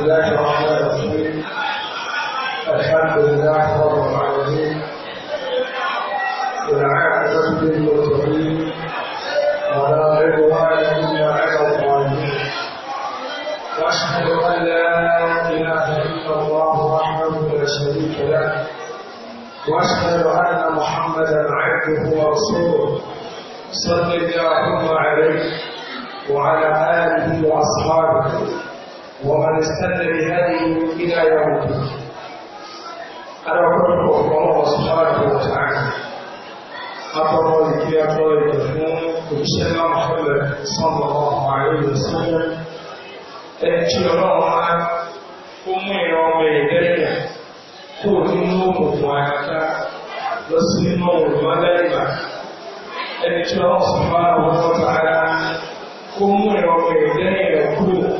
الله الرحمن الرحيم الحمد لله رب العالمين والعاقبة للمتقين ولا عدوان إلا على الظالمين وأشهد أن لا إله إلا الله وحده لا شريك له وأشهد أن محمدا عبده ورسوله صلى اللهم واستنى بهذه إلى يوم الدين أنا أقول الله سبحانه وتعالى لك يا أطر الكفون وبشأن محمد صلى الله عليه وسلم أجل الله أمي يوم يدرك كل نوم وعكا لسنين ومدائما أجل الله سبحانه وتعالى أمي يوم يدرك كل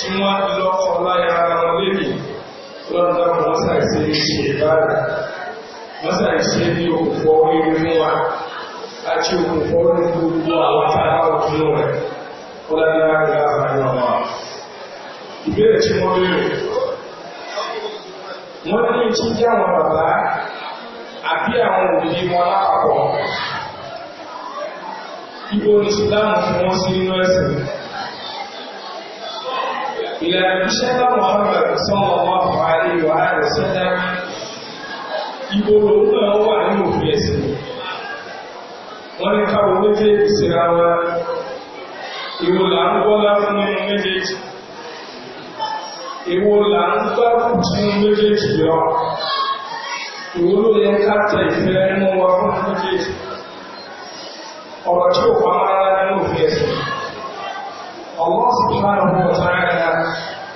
tí wọ́n lọ́kọ̀ láyé ara wọn lèmi lọ́dọ̀ wọ́n sàìsẹ́ ṣe ìbára wọ́n sàìsẹ́ ní òkùnfọ́ orí mú wa àti òkùnfọ́ orí gbogbo àwọn tàbí òkun rẹ̀ kọ́láyára àwọn ọmọ ìbéèrè tí wọ́n béèrè wọ́n ní tí jẹ́ àwọn bàbá àbí àwọn òbí wọn lápapọ̀ ibo ní ìsìláàmù fún wọn sí inú ẹ̀sìn ìlànà iṣẹ́ bá Muhammad sallallahu alaihi wa sallam ìgbòrò náà wà ní òfin ẹ̀sìn wọ́n ní káwọn méjèèjì síra wa ìwò là ń gbọ́lá fún méjèèjì ìwò là ń gbá fún méjèèjì yọ ìwò ló yẹ ká tẹ ìfẹ́ ẹnu wa fún méjèèjì ọ̀rọ̀ tí الآيات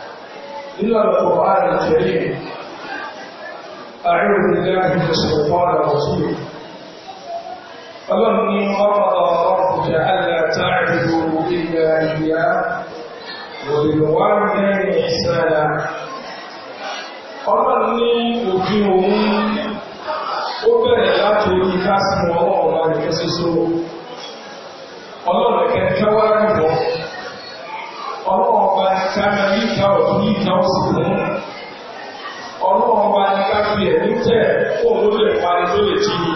إلا القرآن الكريم أعوذ بالله من الشيطان الرجيم فمن قضى ربك ألا تعبدوا إلا إياه وبالوالدين إحسانا Ọlọ́run ní òfin òun ó bẹ̀rẹ̀ láti orí kásìmọ̀ ọlọ́run láti fẹ́ Ọlọ́run kẹ́kẹ́ wá rìnbọn. Ọlọ́run ọba kára níta ọ̀tún níta ọ̀sìn fún ọlọ́run ọba ní ká fi ẹ̀mí tẹ̀ kó ló lè parí tó lè jí ni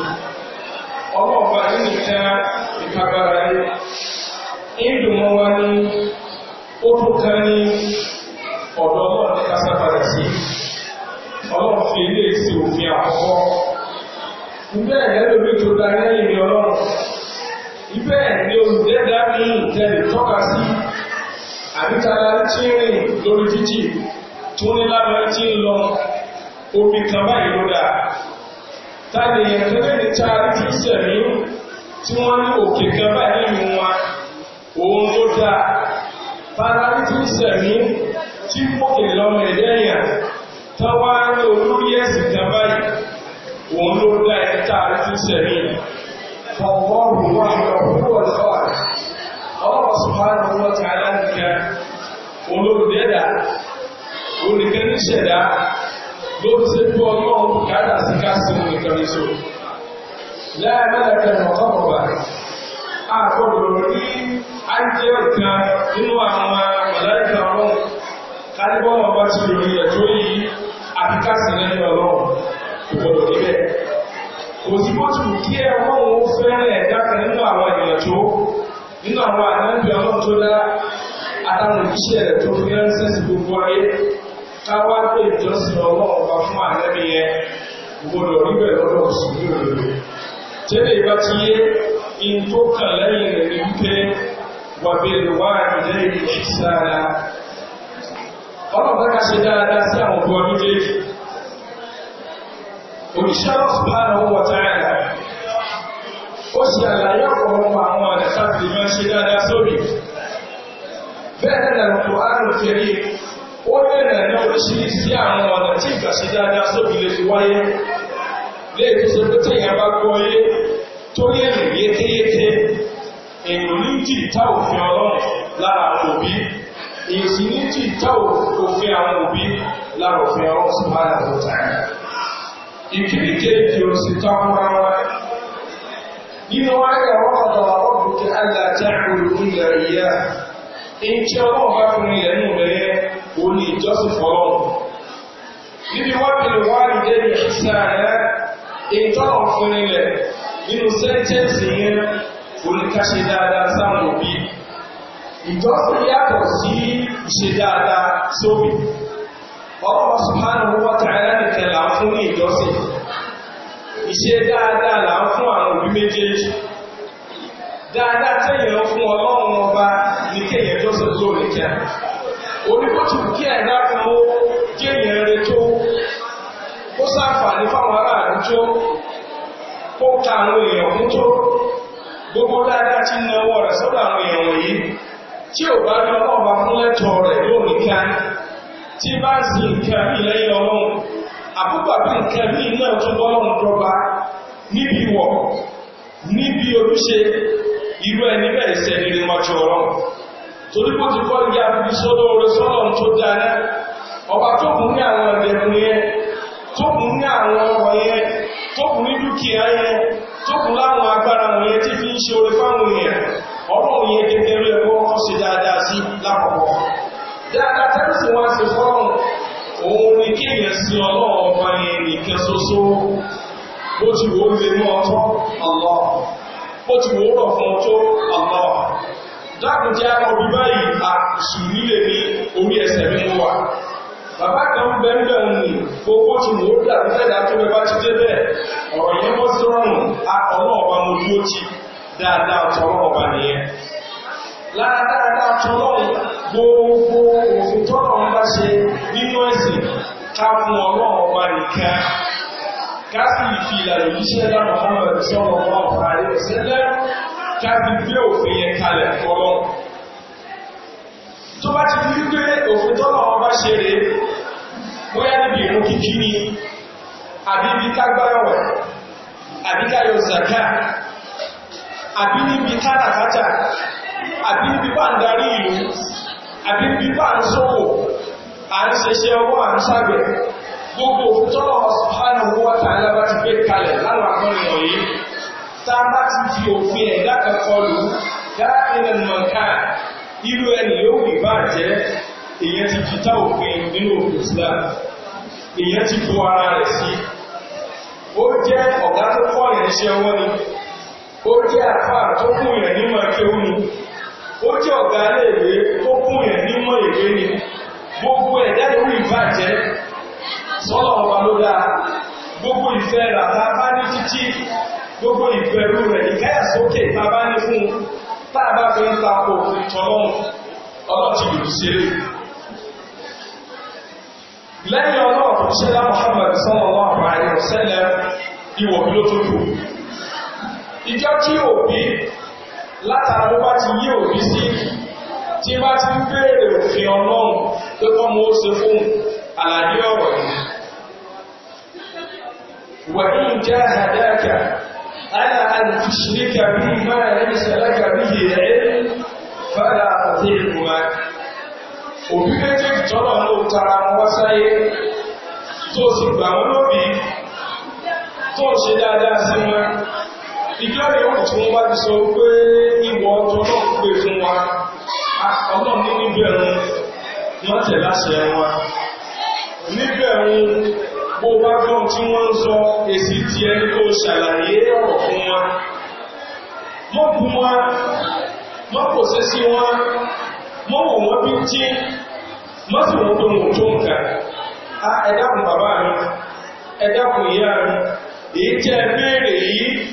ọlọ́run ọba nínú ìta ìkagbára yìí ìdùnnú wa ní ó tó ká ní ọ̀dọ̀ ọlọ́run ní ká sábàdà sí ọlọ́run fi ilé ìsì òfin àkọ́kọ́ ìbẹ́ ẹ̀ lórí tó darí ẹ̀yìn ọlọ́run ìbẹ́ ẹ̀ ni olùdẹ́dá ní ìtẹ̀lẹ̀ tọ́ka sí àbíkára tí rìn lórí títì tó ní lábẹ́ tí ń lọ omi kan báyìí ló dáa tàbí ẹ̀kẹ́lẹ́ni tá a ti sẹ̀mí tí wọ́n ní òkè kan báyìí nínú wa òun ló dáa bára tí ń tí pòkè lọ́mọ ẹ̀dẹ́yà tọ́wá ní olórí ẹ̀sìn kan báyìí òun ló dáa ẹ̀ta Allah subhanahu wa ta'ala nìkan olóòdẹ́dà oníkan ní ṣẹ̀dá ló ti ṣe bí ọlọ́run káàdà sí káàsìn nìkan ní so láàrín ọ̀kọ̀ọ̀bà àkọ́bọ̀ rí ájẹ́ ọ̀kan nínú àwọn màláìkà ọlọ́run kálíbọ́nà bá ti rí ẹ̀tọ́ yìí àti káàsìn lẹ́yìn ọlọ́run kò gbọdọ̀ níbẹ̀ kò sí kí ẹ̀ wọ́n fẹ́ràn ẹ̀dá kan nínú àwọn ènìyàn nínú àwọn àdáńbì ọlọ́run tó dá àtàwọn òjíṣẹ́ rẹ̀ tó fi ránṣẹ́ sí gbogbo ayé káwá pé ìjọsìn ọlọ́run wá fún àdáńbì yẹn gbọdọ̀ níbẹ̀ lọ́dọ̀ sí ní òdodo tẹ́lẹ̀ ìbá ti yé in tó kàn lẹ́yìn rẹ̀ ní wípé wà bèèrè wá ìlẹ́ ìṣẹ́sára ọlọ́run bá ká ṣe dáadáa sí àwọn ọmọ méjèèjì òjíṣẹ́ ọ̀sán náà wọ̀ ó sì àlàyé ọ̀pọ̀lọpọ̀ àwọn àdàkà tí wọ́n ṣe dáadáa sóbì bẹ́ẹ̀ lẹ́nu kò ánù kẹrí ó bẹ̀rẹ̀ ní oríṣiríṣi àwọn ọ̀nà tí ìgbà ṣe dáadáa sóbì lè fi wáyé lè tó ṣe pé tẹ̀yìn bá gbọ́ yé tó yé rìn yékéyéké èèyàn ní jì ìta òfin ọlọ́run lára òbí èèyàn sì ní jì ìta òfin àwọn òbí lára òfin ọlọ́run sí o sì رواية وقضى ربك ألا تعبدوا إياه إن شاء الله بكم إلى نوره وليجوز فرون níbi wọ́n bí wọ́n dé ní ṣíṣà rẹ̀ ìtọ́rọ̀ fún ilẹ̀ nínú sẹ́ńtẹ́ǹsì yẹn oníkàṣe dáadáa sáwọn òbí ìjọsìn yàtọ̀ sí ìṣe dáadáa sóbì ọlọ́pàá subhanahu wa ta'ala nìkan fún ní iṣẹ́ dáadáa là ń fún àwọn òbí méjèèjì dáadáa tẹ́yìn ń fún ọlọ́run ọba ní kéèyàn tó sì tó ní kíá oníkótù kí ẹ̀dá kan ó kéèyàn rẹ tó ó sáfàní fáwọn aráàlú tó kó ka àwọn èèyàn kún tó gbogbo dáadáa ti ń náwó rẹ̀ sọ́dọ̀ àwọn èèyàn wọ̀nyí tí ò bá rí ọlọ́run ọba fún lẹ́tọ̀ọ́ rẹ̀ yóò kíá tí bá ń sin nǹkan bí ọlọ́run àkókò pé nǹkan ní iná tó bọ́lọ́run dọ́gba níbi ìwọ̀ níbi ojúṣe irú ẹni bẹ́ẹ̀ sẹ́ ní níwájú ọlọ́run torí kó ti kọ́ ní abúlé sọ́dọ̀ orí sọ́lọ́run tó dáná ọba tó kún ní àwọn ẹ̀dẹ̀rún yẹn tó kún ní àwọn ọ̀rọ̀ yẹn tó kún ní dúkìá yẹn tó kún láwọn agbára wọn yẹn tí fi ń ṣe orí fáwọn èèyàn ọlọ́run yẹn gẹ́gẹ́ rí ẹ̀kọ́ ọkọ̀ ṣe dáadáa sí lápapọ̀ dáadáa tẹ́lifíṣàn wá sí fọ́ọ̀rùn òun ike kéèyàn sí ọlọ́run ọba yẹn nìkan ṣoṣo bó ti wò ó lè mọ́ ọtọ́ ọlọ́ bó ti wò ó rọ̀ fún ọtọ́ ọlọ́ dákùnjẹ́ ọbí báyìí àṣù nílé ní orí ẹsẹ̀ bàbá kan ń gbogbo tó bẹ lára dáadáa tọ́lọ́run gbogbo òfin tọ́lọ́run bá ṣe nínú ẹ̀sìn ká fún ọlọ́run ọba nìkan ká sì fi ìlànà ìṣẹ́ lánà Muhammad sọ́rọ̀ ọba ọ̀fà rẹ̀ sílẹ̀ ká fi gbé òfin yẹn kalẹ̀ fọlọ́run tó bá ti fi gbé òfin tọ́lọ́run bá ṣe rèé bóyá níbi ìrún kíkí ni àbí ibi ká gbára wà àbí ká yọ zaka àbí níbi káràkátà àti pípà ń darí ìlú àti pípà ń sọ́wọ́ à ń ṣeṣẹ́ ọwọ́ à ń sábẹ̀ gbogbo tọ́lọ̀ subhanahu wa ta'ala bá ti gbé kalẹ̀ láwọn akọrin wọ̀nyí tá bá ti fi òfin ẹ̀dá kan kọlù dáìlẹ̀ mọ̀ká irú ẹni yóò rí bá Islam èyàn ti bu ara rẹ̀ sí ó jẹ́ ọ̀gá tó kọ́ ìrìnṣẹ́ wọ́n ni ó jẹ́ àfáà tó kún ìrìn nímọ̀ ó jẹ́ ọ̀gá léèwé tó kún yẹn nímọ̀ ìwé ni gbogbo ẹ̀dá ló rí ìbàjẹ́ sọ́lọ̀ ọba ló dáa gbogbo ìfẹ́ ràbá bá ní títí gbogbo ìbẹ̀rù rẹ̀ ìkáyàsókè bàbá ní fún tàbá fi ń tapò ìtọ́lọ́run ọlọ́tí ìlú sí èrè lẹ́yìn ọlọ́run ṣẹlá Muhammad sallallahu alaihi wasallam ìwọ̀bí ló tó kù ìjọ tí òbí látara ló bá ti yí òbí sí tí bá ti ń béèrè òfin ọlọ́run pé kọ́ mo ṣe fún àlàyé ọ̀rọ̀ yìí wàhíì jẹ́ àdáka ala an tushrika bí máa laysa laka bihi ilm òbí méjèèjì tọ́lọ̀ ló tara wọn sáyé tó sì gbà tó ṣe dáadáa sí wọn ìjọ́rẹ̀ yóò tí wọ́n bá ti sọ pé ìwọ̀ ọjọ́ náà pè fún wa ọlọ́run ní níbẹ̀rún wọ́n tẹ̀ láṣẹ wa níbẹ̀rún bó bá gbọ́n tí wọ́n ń sọ èsì ti ẹni tó ṣàlàyé ọ̀rọ̀ fún wa mọ́ bú wa mọ́ kò sí sí wa mọ́ wò wọ́n bí mọ́ sì wọ́n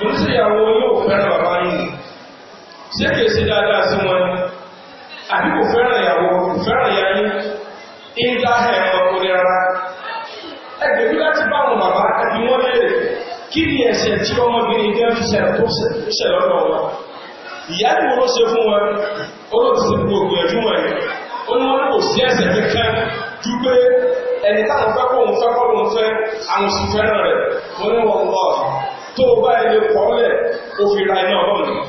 yìí sí àwọn yóò fẹ́ràn bàbá yìí sí èkè sí dáadáa sí wọn àbí kò fẹ́ràn ìyàwó fẹ́ràn ìyá yìí ń dá ẹ̀rọ orí ara ẹgbẹ̀ bí láti bá wọn bàbá ẹbí wọn léèrè kí ni ẹ̀ṣẹ̀ tí ọmọbìnrin jẹ́ fi ṣẹlẹ̀ tó ṣẹlẹ̀ lọ́dọ̀ wọn ìyá ni wọ́n ṣe fún wọn olóòtú sí gbogbo ẹ̀jú wọn yìí ó ní wọn kò sí ẹ̀ṣẹ̀ kankan ju pé ẹni táwọn fẹ́ kó fẹ́ àwọn sì rẹ̀ wọ́n ní wọn lọ́ọ̀ tó bá ilé kọ́ọ́lẹ̀ ó fi ra iná ọlọ́run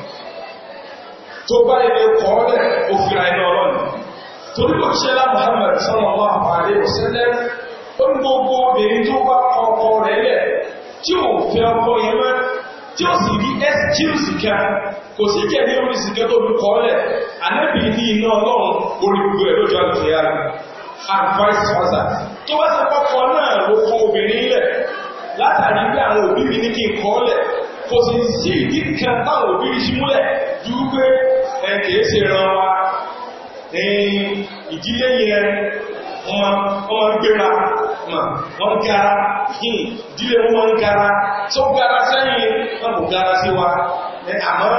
tó bá ilé kọ́ọ́lẹ̀ ó fi ra iná ọlọ́run torí kò ṣe lá Muhammad sallallahu alaihi wasallam ó ní gbogbo obìnrin tó bá kọ ọkọ rẹ̀ lẹ̀ tí ò fẹ́ ọkọ yẹn mọ́ tí ó sì rí ẹ́sìkíùsì kan kò sí kẹ̀mí oríṣi kan tó fi kọ́ọ́lẹ̀ ànábì ní iná ọlọ́run orí gbogbo ẹ̀ lójú àgbẹ̀yà and vice látàrí bí àwọn òbí mi ní kí n kọ́ lẹ̀ kò sí sí ìdí táwọn òbí mi sí múlẹ̀ ju pé ẹ kìí ṣe ran wa ìdílé yẹn wọ́n gbéra wọ́n gara ìdílé wọn gara tó gara sẹ́yìn wọ́n kò gara sí wa àmọ́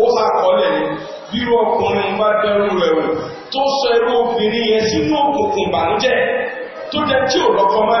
ó sàkọlẹ̀ bí ọkùnrin bá dẹrù rẹ̀ tó sọ irú obìnrin yẹn sínú òkùnkùn bànújẹ́ tó jẹ́ tí ò lọ́kọ mọ́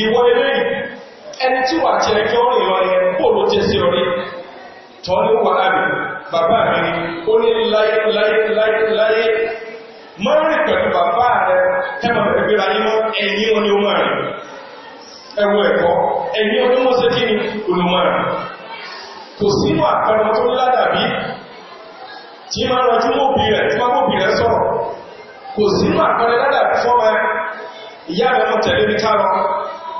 ìwọ ilé ẹni tí wà tí ẹjọ́ rìn lọ yẹ kó ló jẹ́ sí ọrí tọ́ ní wà á rí bàbá mi ni ó ní láyé láyé láyé láyé máa rìn pẹ̀lú bàbá rẹ tẹ́mọ̀ ẹgbẹ́ra yín mọ́ ẹ̀yìn oní ọmọ rẹ̀ ẹwọ ẹ̀kọ́ ẹ̀yìn oní mọ́ sí kí ni olùmọ̀ ìyá rẹ̀ tẹ̀lé ní ká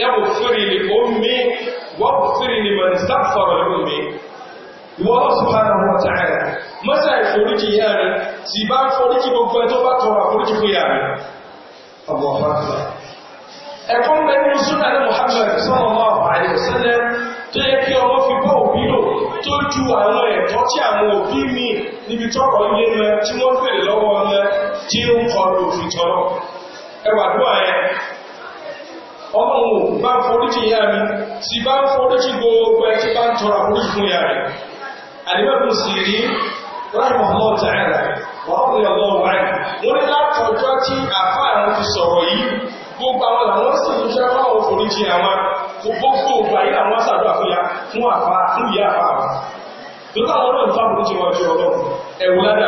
اغفر لأمي واغفر لمن استغفر لأمي Ìwọ́n Subhanahu wa ta'ala, mọ́sá ìforíkì ìyá rẹ̀, sì bá ń foríkì gbogbo ẹ̀ tó bá tọrọ àforíkì fún ìyá rẹ̀. Allahu Akbar. Ẹ̀kọ́ mẹ́rin súnà ní Muhammad ọlọ́run bá foríjì ìyá mi ti bá foríjì gbogbo ẹ̀ tí bá ń tọrọ àforíjì fún ìyá rẹ̀ àdìmẹ́kùn sì rí ráìmọ̀ náà tààrà wọ́n pè ọlọ́run ráì wọ́n ní látọjọ́ tí àfáà rẹ̀ ti sọ̀rọ̀ yìí gbogbo àwọn làwọn sì ń ṣe fáwọn ya fún àfá fún ìyá àfá tó táwọn náà ń fáwọn oríjì wọn ju ọlọ́run ẹ̀wù ládà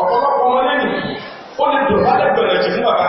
ọ̀pọ̀lọpọ̀ wọn lẹ́yìn ó lè dùn bá lẹ́gbẹ̀rẹ̀ jù fún bàbá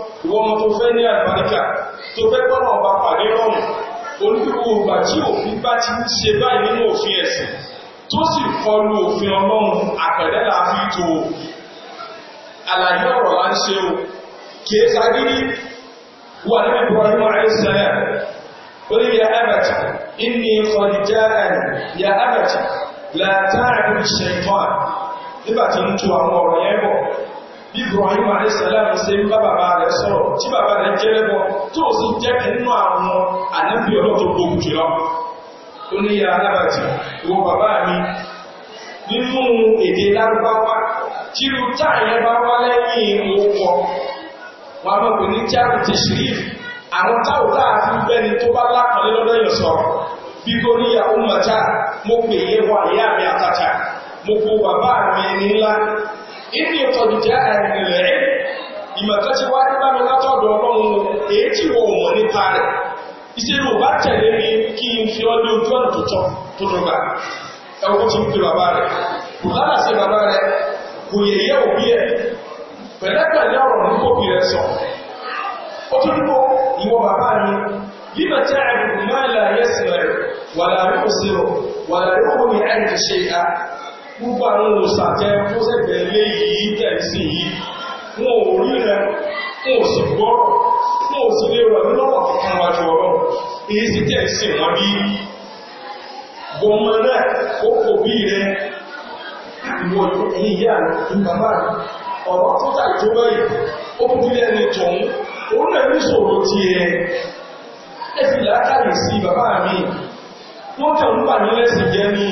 ìwọ ọmọ tó fẹ́ ní àgbàríkà tó fẹ́ pọ́nà ọba pàdé rọrùn onígbogbo ìgbà tí òfin bá ti ń ṣe báyìí nínú òfin ẹ̀sìn tó sì kọlu òfin ọlọ́run àpẹ̀lẹ́ fi tó o àlàyé ọ̀rọ̀ la ń ṣe o kìí sagídí wà ní Ibrahim àìsàlẹ̀ orí ya abata inni kọjá ya abata látàrí ṣẹ̀tọ́ nígbà tí ń tu àwọn ọ̀rọ̀ yẹn bọ̀ bí Ibrahim alẹ́sẹ̀lá ṣe ń bá bàbá rẹ̀ sọ̀rọ̀ tí bàbá rẹ̀ jẹ́ lẹ́bọ tó sì jẹ́ nínú àwọn ànábì ọlọ́tọ̀ gbogbo jùlọ tó ní ya alábàtì wo bàbá mi nínú èdè lárúbáwá tí irú táàyẹ bá wá lẹ́yìn òkọ wà mọ̀ kò ní jáàrù ti ṣìríf àwọn táwọn láàfin bẹ́ni tó bá lápàlẹ́ lọ́dọ̀ yẹn sọ̀rọ̀ bí kò ní ya ó mọ̀já mo pè é wà ìyá mi àtàtà mo kó bàbá mi ní ńlá ìrìn ìtọ̀dù jẹ́ àìrìnlẹ̀ rẹ̀ ìmọ̀tọ́ ti wá nígbà mi látọ̀dọ̀ ọlọ́run èyí tí wọ́n mọ̀ nípa rẹ̀ ìṣèlú bá tẹ̀lé mi kí n fi ọdí ojú ọ̀nà tó tọ́ tó dọ́gba ẹwọ́n ti ń pe bàbá rẹ̀ kò lára púpọ̀ àwọn òṣàtẹ́ fóṣẹ̀gbẹ̀ lé yìí tẹ̀sí yìí wọn ò rí rẹ wọn ò sì gbọ́rọ̀ wọn ò sì sí bàbá mi wọ́n tẹ̀ ń bà lẹ́sìn jẹ́ ní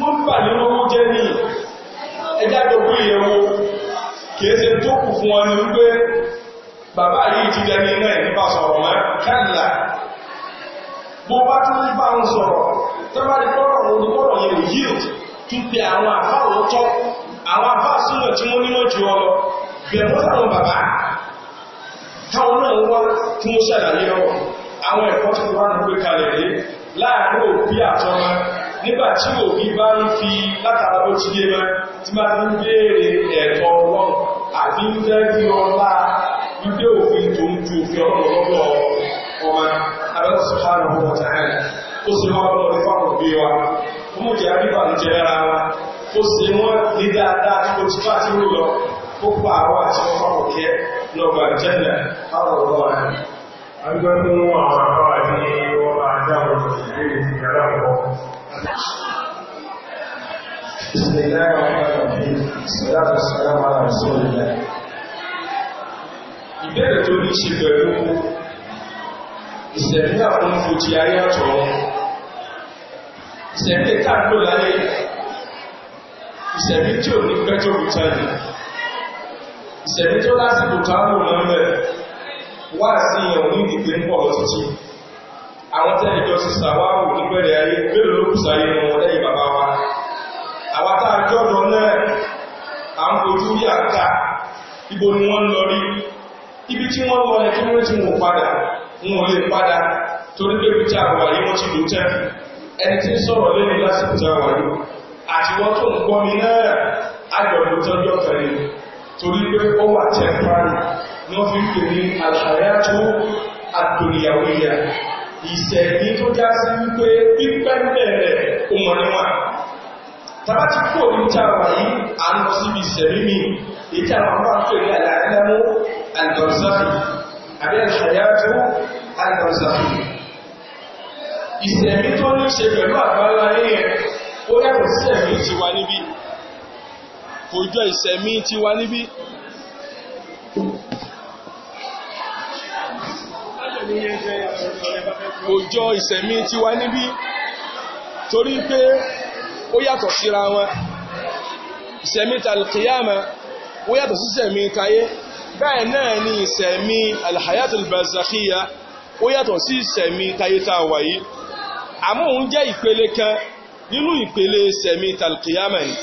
wọ́n ń bà ní lọ́wọ́ jẹ́ ní ẹjá gbogbo ìyẹ̀wò kìí ṣe tó kù fún wọn ní wípé bàbá yìí ti jẹ́ ní iná ẹ̀ nípa sọ̀rọ̀ mọ́ kẹ́lá bó bá tún ní bá ń sọ̀rọ̀ pọ́rọ̀ olùkọ́rọ̀ yield tún àwọn àfá òótọ́ àwọn àfá tí wọ́n jù ọ bàbá nígbà tí òbí bá ń fi látara ti lé mẹ́ tí máa ń béèrè ẹ̀tọ́ ọlọ́run àbí ń fẹ́ kí ọlá wípé òfin tó ń ju òfin ọlọ́run lọ́wọ́ ọmọ abẹ́rẹ́ sọ̀hánà ọmọ tààrà ó sì máa bọ́ lórí fáwọn òbí wa ó mú jẹ́ àbíbà ń jẹ́ ara wa ó sì wọ́n ní dáadáa tó ti bá ti rú lọ ó pa àwọn àti wọn fáwọn òkè lọ́gbà jẹ́nà fáwọn ọ̀rọ̀ wa. a ń gbọ́ tó àwọn àwọn àti wọn máa dáhùn ìbéèrè ìyára ọ̀rọ̀ بسم الله الرحمن الرحيم الصلاة والسلام على رسول الله ìbẹ̀rẹ̀ tó ní ṣe pẹ̀lú ìṣẹ̀lẹ̀ àwọn fòjì ayé àtọ̀ ìṣẹ̀lẹ̀ káàkó láyé ìṣẹ̀lẹ̀ tí ò ní pẹ́jọ́ ìtàlẹ̀ ìṣẹ̀lẹ̀ tó lásìkò káàkó lọ́rẹ̀ wá sí ìyàn ní ìgbé ń àwọn tẹ́lẹ̀ jọ sí sàwárò nígbẹ̀rẹ̀ ayé mélòó ló kù sáyé wọn lẹ́yìn bàbá wa àwátá àjọ́dọ̀ náà à ń fojú rí àká ibo ni wọ́n lọ rí ibi tí wọ́n lọ ẹ̀kí wọ́n ti wò padà wọn ò lè padà torí pé ibi tí àwà yìí wọ́n ti lò tẹ́ ẹni tí sọ̀rọ̀ lé ní lásìkò tí àwà yìí àti wọ́n tó ń ni wọ́n fi ń ìṣẹ̀bí tó já sí wípé pípẹ́ bẹ̀rẹ̀ ọmọ níwà tàbá ti kó ní tàbà yìí a ń lọ síbi ìṣẹ̀bí mi ìta àwọn afẹ́rẹ́ aláàrẹ́mú alìbọ̀nsáfì abẹ́rẹ́ ṣàyájú alìbọ̀nsáfì ìṣẹ̀bí tó ní ṣe pẹ̀lú àbáláyé yẹn ó yàtọ̀ sí ẹ̀mí ti wá kò jọ ìsẹ̀mí tiwa níbí torí pé ó yàtọ̀ síra wọn ìsẹ̀mí tàlùkìyàmà ó yàtọ̀ sí ìsẹ̀mí tayé bẹ́ẹ̀ náà ni ìsẹ̀mí alhayatul barzakhiya ó yàtọ̀ sí ìsẹ̀mí tayé tá a wà yìí àmọ́ jẹ́ ìpele kan nínú ìpele ìsẹ̀mí tàlùkìyàmà ni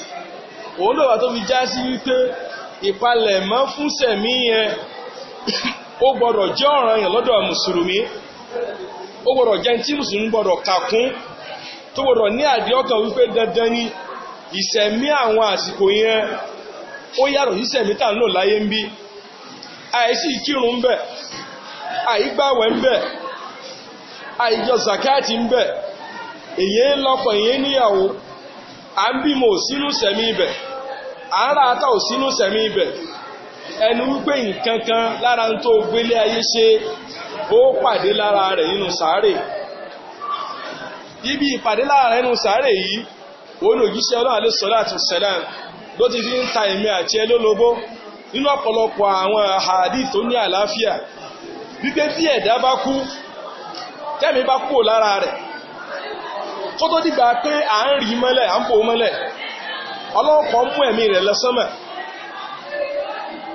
òun lọ́wọ́ tó fi já sí wípé ìpalẹ̀mọ́ fún sẹ̀mí yẹn ó gbọ́dọ̀ jẹ́ ọ̀ranyàn lọ́dọ̀ mùsùlùmí ó gbọ́dọ̀ jẹ́ tí mùsùlùmí gbọ́dọ̀ kàkún tó gbọ́dọ̀ ní àdíọ́kàn wípé dandan ni ìṣẹ̀mí àwọn àsìkò yẹn ó yàtọ̀ sí tà ń lò láyé ń bí àìsí ìkírun ń bẹ àìgbàwẹ̀ ń bẹ àìjọ zakati ń bẹ èyí ń lọ́kọ èyí níyàwó à ń bímọ ẹnu wípé nkankan lára ń tó gbélé ayé ṣe ó pàdé lára rẹ̀ nínú sàárè ibi ìpàdé lára rẹ̀ nínú sàárè yìí òun òjíṣẹ́ ọlọ́run alẹ́ sọ́lá àti sẹ́lẹ̀m ló ti fi ń ta ẹ̀mí àti ẹ lólobó nínú ọ̀pọ̀lọpọ̀ àwọn àhàdí tó ní àlàáfíà wípé tí ẹ̀dá bá kú tẹ́mi bá kú lára rẹ̀ kó tó dìgbà pé à ń rí mọ́lẹ̀ à ń mọ́lẹ̀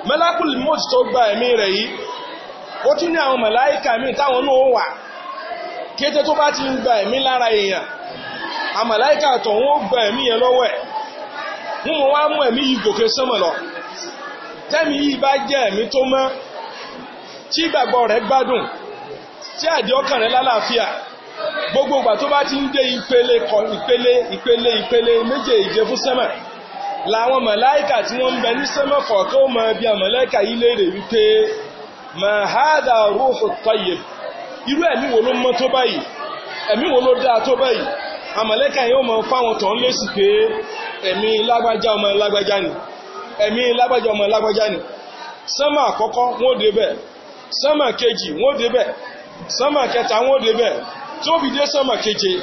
mẹ́lákùl mọ́tì tó gba ẹ̀mí rẹ̀ yìí ó tún ní àwọn mẹ̀láìkà míì táwọn náà wà kété tó bá ti ń gba ẹ̀mí lára èèyàn àmàláìkà tó ń gba ẹ̀mí yẹn lọ́wọ́ ẹ̀ mú mọ́ wá mú ẹ̀mí yìí gòkè sánmọ̀ lọ tẹ́mi yìí bá jẹ́ ẹ̀mí tó mọ́ tí ìgbàgbọ́ rẹ̀ gbádùn tí àdí ọkàn rẹ̀ lálàáfíà gbogbo ìgbà tó bá ti ń dé ìpele ìpele ìpele méje ìje fún sánmọ̀ làwọn màláìkà tí wọ́n ń bẹ ní sẹ́mọ̀kọ̀ tó mọ bí i màláìkà yìí léèrè wípé mahada ruhu tayyib irú ẹ̀mí wo ló mọ́ tó báyìí ẹ̀mí wo ló dáa tó báyìí àmàlẹ́kà yóò mọ fáwọn tọ̀ ń lésì pé ẹ̀mí lágbájá ọmọ lágbájá ni ẹ̀mí lágbájá ọmọ lágbájá ni sánmà àkọ́kọ́ wọ́n débẹ̀ sánmà kejì wọ́n débẹ̀ sánmà kẹta wọ́n débẹ̀ tó fi dé sánmà keje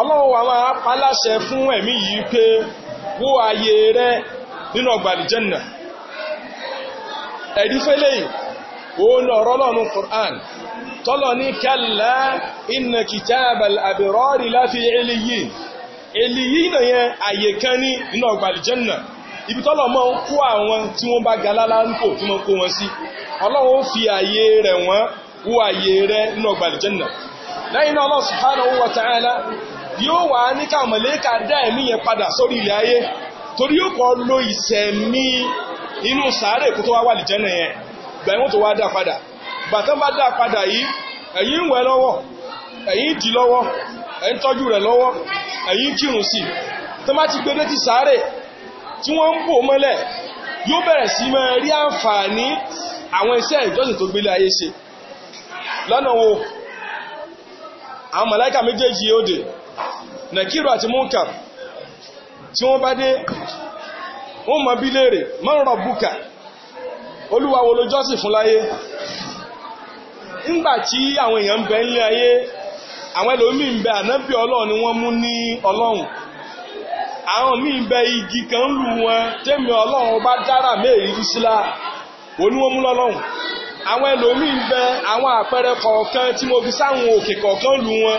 ọlọ́run wa máa paláṣẹ fún ẹ̀mí yìí pé wó ààyè rẹ nínú ọgbà àlìjẹ́nà ẹ̀rí fẹ́lẹ̀ òun ọ̀rọ̀ lọ́nu Qur'an tọ́lọ̀ ní kalla inna kitabal abirari láfi eliyin eliyin náà yẹn ààyè kan ní nínú ọgbà àlìjẹ́nà ibi tọ́lọ̀ mọ́ ń kó àwọn tí wọ́n bá galálá ń kò tí wọ́n kó wọn sí ọlọ́run ó yóò wà ní ká mọ̀lẹ́kà dá ẹ̀mí yẹn padà sórí ilẹ̀ ayé torí yóò kọ́ lo ìṣẹ̀mí inú sàárè kó tó wá wà lìjẹ́nà yẹn gbà wọ́n tó wá dá padà bàtán bá dá padà yìí ẹ̀yin ń wẹ̀ lọ́wọ́ ẹ̀yin dì lọ́wọ́ ẹ̀yin tọ́jú rẹ̀ lọ́wọ́ ẹ̀yin kírun sí tó má ti gbé dé ti sàárè tí wọ́n ń bò mọ́lẹ̀ yóò bẹ̀rẹ̀ sí máa rí àǹfààní àwọn iṣẹ́ ìjọsìn tó gbélé ayé ṣe lọ́nà wo àwọn màláìkà méjèèjì yóò dé nàkírò àti munkar tí wọ́n bá dé wọ́n mọ̀ bí léèrè man rabbuka olúwa wo ló jọ́sìn fún láyé ńgbà àwọn èèyàn bẹ ń lé ayé àwọn ẹlòmí ń bẹ ànábì ọlọ́run ni wọ́n mú ní ọlọ́run àwọn míì ń bẹ igi kan lù wọn tẹ́mi ọlọ́run bá dára méèrí sílá òní wọ́n mú lọ́lọ́run àwọn ẹlòmí ń bẹ àwọn àpẹẹrẹ kọ̀ọ̀kan tí mo fi sáwọn òkè kọ̀ọ̀kan lù wọn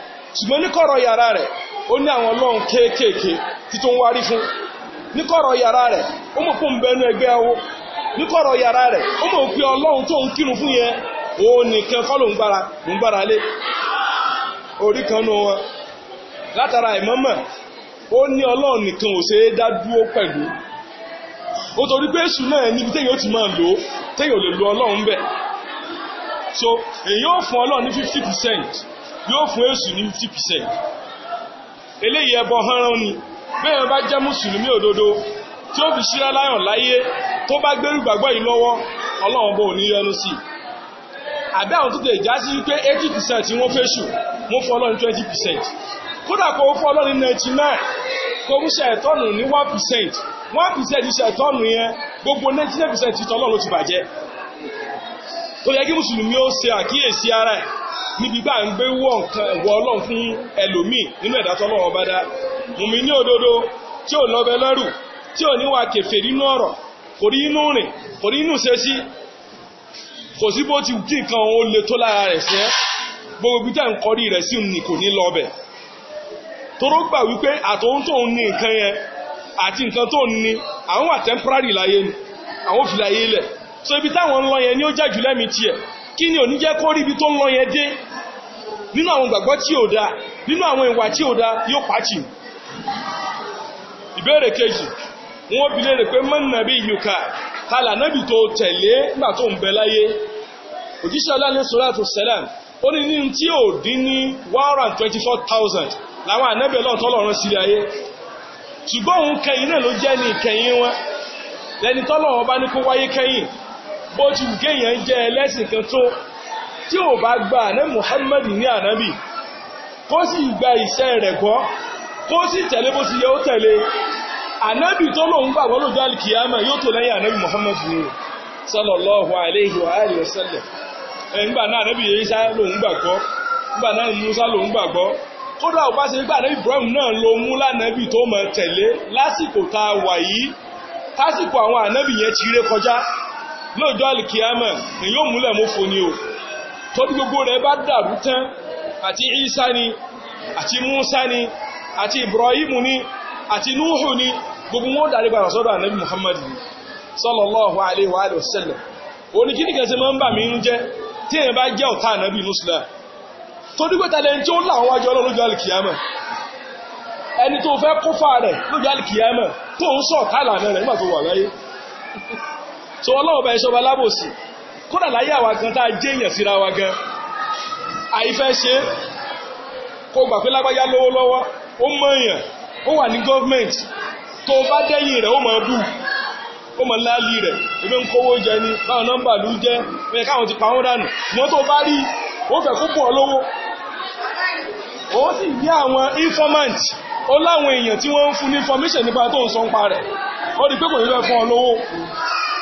ṣùgbọ́n níkọ̀rọ̀ yàrá rẹ̀ ó ní àwọn ọlọ́run kéékèèké tí tó ń wárí fún níkọ̀rọ̀ yàrá rẹ̀ ó mọ̀ fún bẹnu ẹgbẹ́ awo níkọ̀rọ̀ yàrá rẹ̀ ó mọ̀ pé ọlọ́run tó ń kírun fún yẹn òun nìkan kọ́ ló ń gbára ló ń gbára lé orí kan nù wọn látara ìmọ̀mọ̀ ó ní ọlọ́run nìkan ò ṣe é dá dúró pẹ̀lú ó torí pé èṣù náà níbi téèyàn ó ti máa lò ó téèyàn ò lè lo ọlọ́run bẹ̀ so èyí ó fún ọlọ́run ní fifty percent yóò fún èṣù ní 50% eléyìí ẹbọ hánrán ni bẹ́ẹ̀ bá jẹ́ mùsùlùmí òdodo tí ó fi ṣíra láyàn láyé tó bá gbérù gbàgbọ́ yìí lọ́wọ́ ọlọ́run bò ní yọnu sí àbẹ́ àwọn tó tẹ̀ já sí wípé 80% tí wọ́n fẹ́ṣù wọ́n fọ́ ọlọ́run 20% kódà kó fọ́ ọlọ́run 99 kó mú ṣẹ̀tọ́nù ní 1% 1% ṣẹ̀tọ́nù yẹn gbogbo 99% tọ́lọ́run ló ti bàjẹ́ tó yẹ kí mùsùlùmí ó ṣe àkíyèsí ara ẹ̀ níbi bá ń gbé wọ nǹkan ẹ̀wọ̀ ọlọ́run fún ẹlòmíì nínú ẹ̀dá tọ́lọ́wọ́ bá dá mùmí ní òdodo tí ò lọ́bẹ lẹ́rù tí ò níwà kẹfẹ́ nínú ọ̀rọ̀ kò rí inú rìn kò rí inú ṣe sí kò sí bó ti kí nǹkan òun le tó lára rẹ̀ sí ẹ́ gbogbo ibi tá à ń kọrí rẹ̀ sí ni kò ní lọ́bẹ̀ toró gbà wípé àtòun tóun ní nǹkan yẹn àti nǹkan tóun ní àwọn wà temporary láyé ni àwọn ò fi láyé lẹ̀ so ibi táwọn ń lọ yẹn ni ó jà jù lẹ́mìí tiẹ̀ kí ni ò ní jẹ́ kó rí ibi tó ń lọ yẹn dé nínú àwọn gbàgbọ́ tí ò dáa nínú àwọn ìwà tí ò dáa yóò pàtì ìbéèrè kejì bi léèrè pé mọ́nàbí yuka tààlà nábì tó tẹ̀lé nígbà tó ń bẹ láyé òjíṣẹ́ aláàlẹ́ sọ́láàtò sẹ́lẹ̀m ó ní ní tí ò dín ní 124,000 láwọn ànábì ọlọ́tọ́lọ́run sí ayé ṣùgbọ́n òun kẹyìn náà ló jẹ́ ní ìkẹyìn wọn lẹni bá ní kó bó ti wù kéèyàn jẹ́ ẹlẹ́sìn kan tó tí ò bá gba àná Muhammad ní ànábì kó sì gba iṣẹ́ rẹ̀ gbọ́ kó sì tẹ̀lé bó ti yẹ ó tẹ̀lé ànábì tó lòun gbàgbọ́ lójú alìkìyàmà yóò tó lẹ́yìn ànábì Muhammad ní sallallahu alayhi wa alihi wa ẹ̀ngbà náà ànábì gbàgbọ́ náà Ibrahim náà ló mú lánàbì tó mọ̀ tẹ̀lé lásìkò wà yìí tásìkò àwọn ànábì lóòjọ́ alìkìyàmọ̀ èyí ò múlẹ̀ mú fò ní o tó bí gbogbo rẹ̀ bá dàrú tán àti Isa ni àti Musa ni àti Ibrahim ni àti Nuhu ni gbogbo wọn dàrí sọ́dọ̀ ànábì Muhammad ni sallallahu alaihi wa alihi wasallam òní kí nìkan ṣe máa ń bà mí ń jẹ́ tí èèyàn bá jẹ́ ọ̀tá ànábì nùsùlá tó dígbé tàlẹ́ tí ó láwọn wájú ọlọ́lójú alìkìyàmọ̀ ẹni tó fẹ́ kófà rẹ̀ lójú alìkìyàmọ̀ tó ń sọ̀ tààlà náà nígbà tó wà láyé so ọlọ́wọ́ bá ẹ̀ṣọ́ wa lábòsí kódà láyé àwa gan tá a awa èèyàn síra wa gan àìfẹ́ ṣe kó gbà pé lágbájá lówó ó mọ èèyàn ó wà ní tó bá dẹ́yìn rẹ̀ ó ó láàlì rẹ̀ ń kówó jẹ ni báwọn nọ́mbà ló jẹ́ káwọn ti pa wọ́n dànù wọ́n tó bá rí ó fẹ́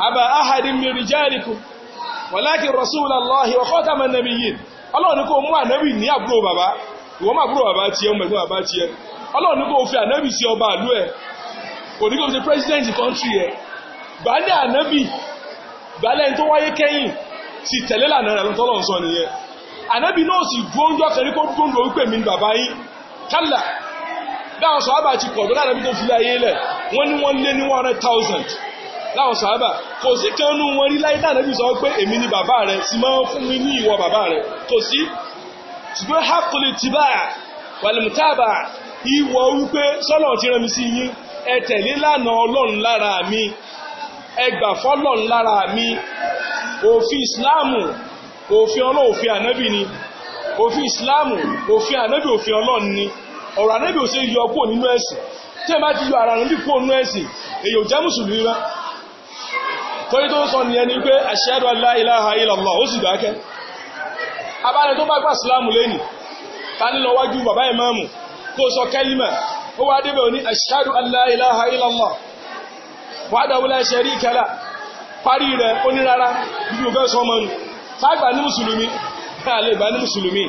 aba ahadi min mmiri walakin rasulallahi wa khatama nabiyyin ọlọ́run ní kó mú ànábì ní àbúrò bàbá ìwọ́n má àbúrò bàbá tiẹ̀ ọmọ ẹ̀gbọ́n bàbá tiẹ̀ ọlọ́run ní kó fi ànábì sí ọba àlú ẹ̀ kò ní kó country ẹ̀ bàálẹ̀ ànábì bàálẹ̀ tó wáyé kẹ́yìn sì tẹ̀lé lànà rẹ̀ lọ́tọ́ lọ́n sọ nìyẹn ànábì náà sì dúró láwọn sàábà kò sí kan nú wọn rí láyé tàbí sọ pé èmi ni bàbá rẹ sì máa ń fún mi ní ìwọ bàbá rẹ kò sí ṣùgbọ́n hapkuli tibà wàlùmùtàbà ìwọ wípé sọ́lọ̀ ti rán mi sí yín ẹ tẹ̀lé lánà ọlọ́run lára mi ẹ gbà fọ́lọ́run lára mi òfin ìsìláàmù òfin ọlọ́run òfin ànábì ni òfin ìsìláàmù òfin ànábì òfin ọlọ́run ni ọ̀rọ̀ ànábì ò ṣe yọ kúrò nínú ẹ̀sìn tí ẹ bá ti yọ ara rẹ̀ bí kúrò nínú ẹ̀sìn èyí ò jẹ́ mùsùlùmí rẹ̀ torí tó sọ nìyẹn ni pé ashhadu an la ilaha illallah ó sì dákẹ́ abáni tó bá gbà sílámù lẹ́nì ta ní lọ wájú bàbá ìmáàmù kó sọ kẹ́límà ó wá débẹ̀ ní ashhadu an la ilaha illallah wahdahu la sharika lah parí rẹ̀ ó ní rárá gbogbo fẹ́ sọ mọ́nu sáàgbà ní mùsùlùmí káàlẹ̀ ìgbà ní mùsùlùmí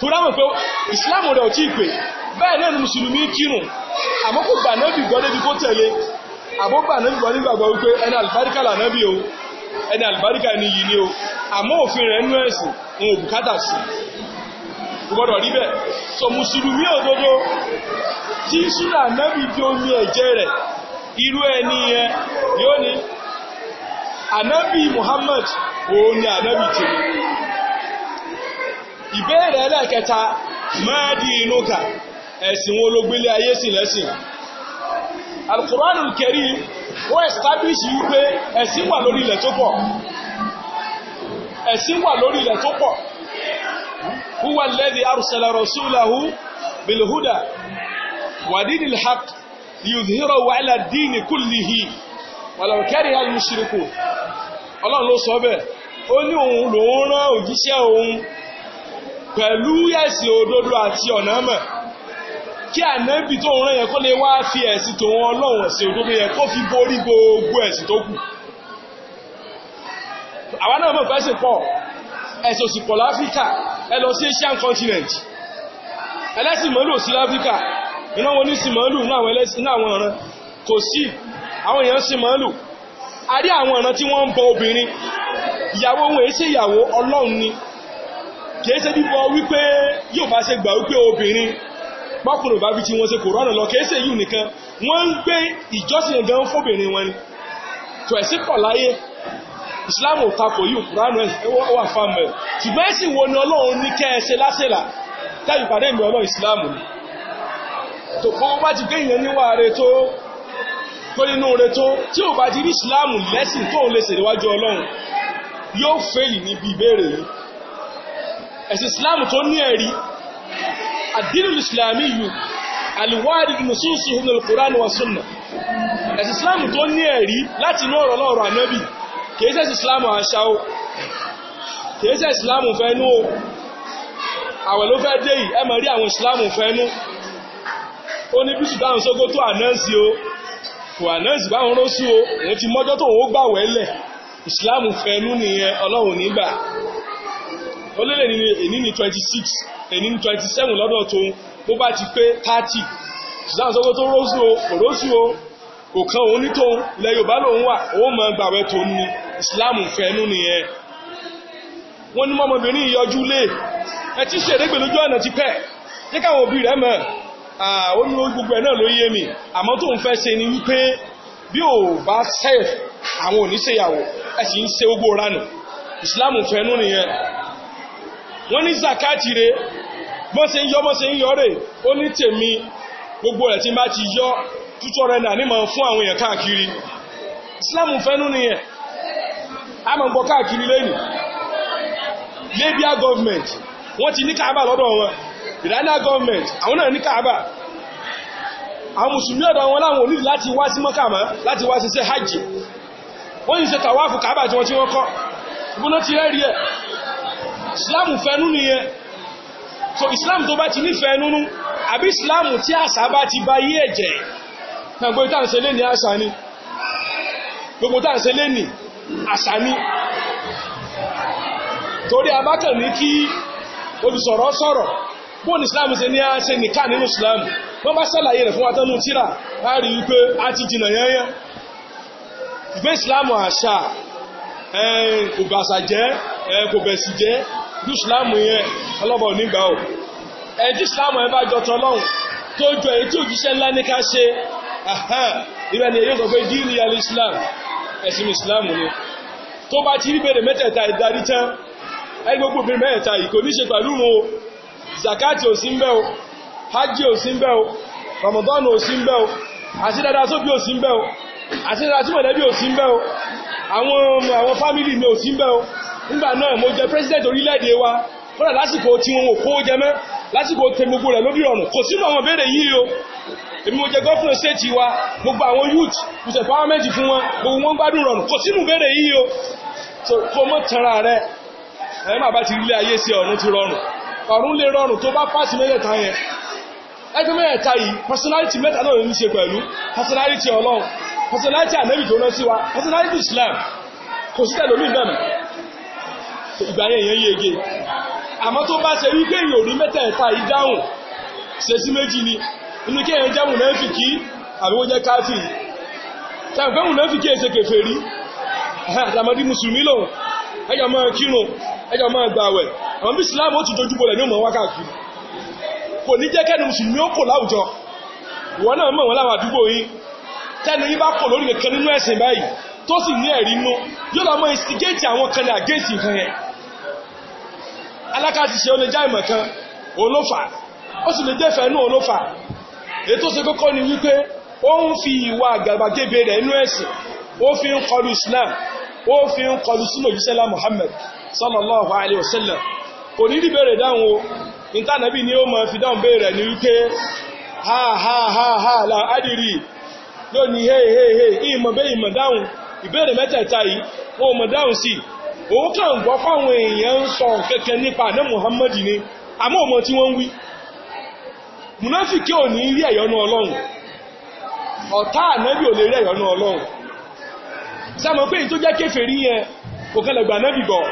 túnrámù pé ìsìláàmù àbọ́bà ànábì wa nígbàgbọ́ wípé ẹni àlùbáríkà lànábì o ẹni àlùbáríkà ni yìí ni o àmọ́ òfin rẹ̀ nú ẹ̀sìn wọn ò sí gbọ́dọ̀ rí bẹ́ẹ̀ sọ mùsùlùmí òdodo tí súnà ànábì fi omi ẹ̀jẹ̀ rẹ̀ irú ẹni yẹn yóò Muhammad ni anabi tèmi ìbéèrè ẹlẹ́ẹ̀kẹta máa di ẹ̀sìn wo ló gbélé ayé lẹ́sìn Al-Qur'anul Karim ó establish wípé ẹ̀sìn wà lórí ilẹ̀ tó pọ̀ ẹ̀sìn wà lórí ilẹ̀ tó pọ̀ huwa alladhi arsala rasulahu bilhuda wa dinil haqq liyudhhirahu ala dini kullihi walau kariha al-mushrikun ọlọ́run ló sọ bẹ́ẹ̀ kí ànábì tó ń rán yẹn kó lè wá fi ẹ̀sìn tòun ọlọ́run ẹ̀sìn òdodo yẹn kó fi borí gbogbo ẹ̀sìn tó kù àwa náà mọ̀ pé ẹ̀sìn pọ̀ ẹ̀sìn òsì pọ̀ láfíríkà ẹ lọ sí asian continent ẹlẹ́sìn mọ́lù ò sí láfíríkà iná wọn ní sí mọ́lù ní àwọn ọ̀ràn kò sí àwọn èèyàn sí mọ́lù a rí àwọn ọ̀ràn tí wọ́n ń bọ obìnrin ìyàwó wọn èé ṣe ìyàwó ọlọ́run ni kìí ṣe bíbọ wípé yóò bá ṣe gbà wípé obìnrin pákùnrin bá bí tí wọ́n ṣe kò rọ́nà lọ kéèsè yìí nìkan wọ́n ń gbé ìjọsìn gan fóbìnrin wọn ni tó ẹ̀sìn pọ̀ láyé islam ò takò yìí kùránù wà fáàmù ẹ̀ ṣùgbọ́n ẹ̀sìn wo ni ọlọ́run ní kẹ́ ẹ ṣe lásìlà táyì pàdé ìmọ̀ ọlọ́run islam ni tó kọ́ bá ti gbé ìyẹn níwà rẹ tó tó nínú rẹ tó tí ò bá ti rí islam lẹ́sìn tó lè ṣe níwájú ọlọ́run yóò fẹ́lì níbi ìbéèrè yìí ẹ̀sìn àdínú islami yìí alìwárí nususi min al-Qur'an wa sunna ẹ̀sì islam tó ní ẹ̀rí láti inú ọ̀rọ̀ lọ́rọ̀ ànábì kìí ṣe islam àṣà o kìí ṣe islam fẹ́nu o àwẹ̀ ló fẹ́ dé yìí ẹ máa rí àwọn islam fẹ́nu ó ní bísù dáhùn sógó tó ànáǹsì o kò ànáǹsì o èyí ti mọ́jọ́ tó òun gbà wẹ́lẹ̀ islam fẹ́nu nìyẹn ọlọ́run nígbà ó lélẹ̀ nínú èní ní twenty ẹni ní 27 seven lọ́dọ̀ tó bó bá ti pé thirty ṣùgbọ́n sọ́kó tó rósù o kò rósù o kò kan òun ní tóun ilẹ̀ yorùbá lòun wà òun mọ̀ gbàwẹ̀ tó ní islam fẹ́nu nìyẹn wọ́n ní mọ́mọbìnrin yọjú lé ẹ ti ṣèrégbè lójú ọ̀nà ti pẹ́ jẹ́ káwọn òbí rẹ̀ mọ̀ ó ní gbogbo ẹ̀ náà ló yé mi àmọ́ tó ń fẹ́ ṣe ni wípé bí ò bá sẹ́ẹ̀f àwọn oníṣẹ́yàwó ẹ̀ sì ń ṣe gbogbo ránù islam wọ́n ní zakati rẹ̀ bọ́n ṣe ń yọ bọ́n ṣe ń yọ rẹ̀ ó ní tèmi gbogbo rẹ̀ tí bá ti yọ tútọ́ rẹ̀ náà nímọ̀ fún àwọn èèyàn káàkiri islam fẹ́nu nìyẹn a mọ̀ gbọ́ káàkiri lẹ́nu Libya government wọ́n ti ní káàbà lọ́dọ̀ wọn ìdáná government àwọn náà ní káàbà àwọn mùsùlùmí ọ̀dọ̀ wọn láwọn onídìí láti wá sí mọ́kàmá láti wá sí ṣe hajj wọ́n yìí ṣe tàwáàfù káàbà tí wọ́n ti wọ́n kọ́ gbóná ti rẹ́rí ẹ̀ islam fẹ́nú nìyẹn so islam tó bá ti nífẹ̀ẹ́ nínú àbí islam tí àṣà bá ti bá yí ẹ̀jẹ̀ gbogbo táǹsẹ̀ lé ní àṣà ni gbogbo táǹsẹ̀ lé ní àṣà ni torí abákàn ní kí olùsọ̀rọ̀ sọ̀rọ̀ bóòn islam ṣe ní àṣẹ nìkà nínú islam wọ́n bá sàlàyé rẹ̀ fún wa tánú tíra a ìgbé islam àṣà kò bàṣà jẹ́ kò bẹ̀sì jẹ́ bí ìsìláàmù yẹn ọlọ́bọ̀ nígbà ò ẹ̀ tí ìsìláàmù ẹ bá jọtọ ọlọ́run tó jọ èyí tí òjíṣẹ́ ńlá ní ká ṣe ìrẹ́ ni èyí sọ pé díìrì alẹ́ islam ẹ̀sìn ìsìláàmù ni tó bá ti rí bèrè mẹ́tẹ̀ẹ̀ta ìdarí tán ẹni gbogbo bèrè mẹ́tẹ̀ẹ̀ta yìí kò ní ṣe pẹ̀lú mo zakati ò sí ń bẹ́ o hajj ò sí ń bẹ́ o ramadan ò sí ń bẹ́ o àti dáadáa sóbí ò sí ń bẹ́ o àti dáadáa tí mọ̀lẹ́bí ò sí ń nígbà náà mo jẹ president orílẹ̀-èdè wa kódà lásìkò tí wọn ò kó jẹ mọ́ lásìkò tẹ gbogbo rẹ̀ lórí ọ̀nà kò sínú àwọn béèrè yìí o èmi mo jẹ gọ́fúnà ṣéètì wa gbogbo àwọn youth with empowerment fún wọn gbogbo wọn gbádùn rọrùn kò sínú béèrè yìí o tó mọ́ tanra rẹ̀ ẹ̀rọ màbá ti rílé ayé sí ọ̀run ti rọrùn ọ̀run lè rọrùn tó bá pàṣẹ mẹ́tẹ̀ẹ̀ta yẹn ẹgbẹ́ mẹ́tẹ̀ẹ̀ta yìí personality mẹ́ta náà ní ṣe pẹ̀lú personality ọlọ́run personality ànẹ́bì tó rán sí wa personality Islam kò sí tẹ̀lómi náà ìgbà yẹn yẹn yege àmọ́ tó bá ṣe wípé èèyàn ò rí mẹ́tẹ̀ẹ̀ta yìí ṣe sí méjì ni inú kí èèyàn jẹ́ mùnáfìkì àbí wọ́n jẹ́ káfírì táwọn fẹ́ mùnáfìkì èsè kèfèrí àtàmọ́dí mùsùlùmí lòun ẹjọ́ máa kírun ẹjọ́ máa gbààwẹ̀ àwọn bí ìsìláàmù ó ti dojú bolẹ̀ ní ọmọ wákàtí kò ní jẹ́ kẹ́ni mùsùlùmí ó kò láwùjọ ìwọ náà mọ̀ wọn láwọn àdúgbò yìí instigate àwọn kan ní àgéèsì alákàtí ṣe ó lè já ìmọ̀ kan olófà ó sì lè jẹ́fẹ̀ẹ́ inú olófà ètò ni wípé ó ń fi ìwà àgàbàgebè rẹ̀ inú ẹ̀sìn ó fi ń kọlu Islam ó fi ń kọlu sínú òjíṣẹ́lá Muhammad sallallahu alayhi wa sallam ni fi ha ha ha ha la òun kàn gbọ́ fáwọn èèyàn ń sọ kẹ́kẹ́ nípa àná Muhammad ni àmọ́ ọmọ tí wọ́n ń wí mùnáfìkì ò ní rí ẹ̀yọ́nú ọlọ́run ọ̀tá ànábì ò lè rí ẹ̀yọ́nú ọlọ́run sáàmù pé èyí tó jẹ́ kèfèrí yẹn kò kẹlẹ̀ gbà náà bìgọ̀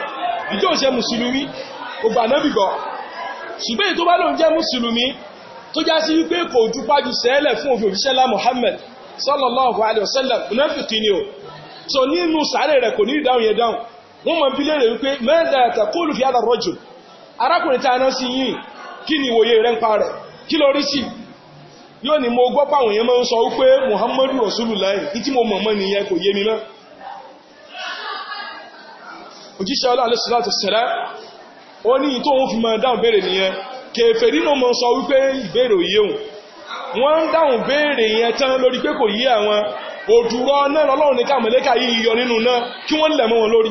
èyí tó ṣe mùsùlùmí kò gbà náà bìgọ̀ ṣùgbọ́n èyí tó bá lóun jẹ́ mùsùlùmí tó já sí wípé kò ju pájú sẹ́ẹ̀lẹ̀ fún òfin òjíṣẹ́ lá Muhammad sallallahu alayhi wa sallam mùnáfìkì ni o so nínú sàárè rẹ̀ kò ní ìdáhùn yẹn dáhùn wọ́n mọ̀ bílẹ̀ rẹ̀ wípé mẹ́ta tàkóòlù fi àdà rọ́jù arákùnrin tí a náà sí yìí kí ni ìwòye rẹ̀ ń pa rẹ̀ kí ló rí sí yóò ní mo gbọ́ páwọn muhammadu rasulullah ní tí mo mọ̀ mọ́ nìyẹn kò yé mi mọ́ òjíṣẹ́ ọlá alẹ́sọ̀láti sẹ̀rẹ́ ó ní tó ń fi máa dáhùn béèrè nìyẹn kèfè nínú mọ́ sọ wípé ìbéèrè òye òun wọ́n ń dáhùn béèrè yẹn tán lórí pé kò yé náà lọ́lọ́run ní káàmọ̀lẹ́kà yìí yọ nínú náà kí wọ́n lẹ̀ wọn lórí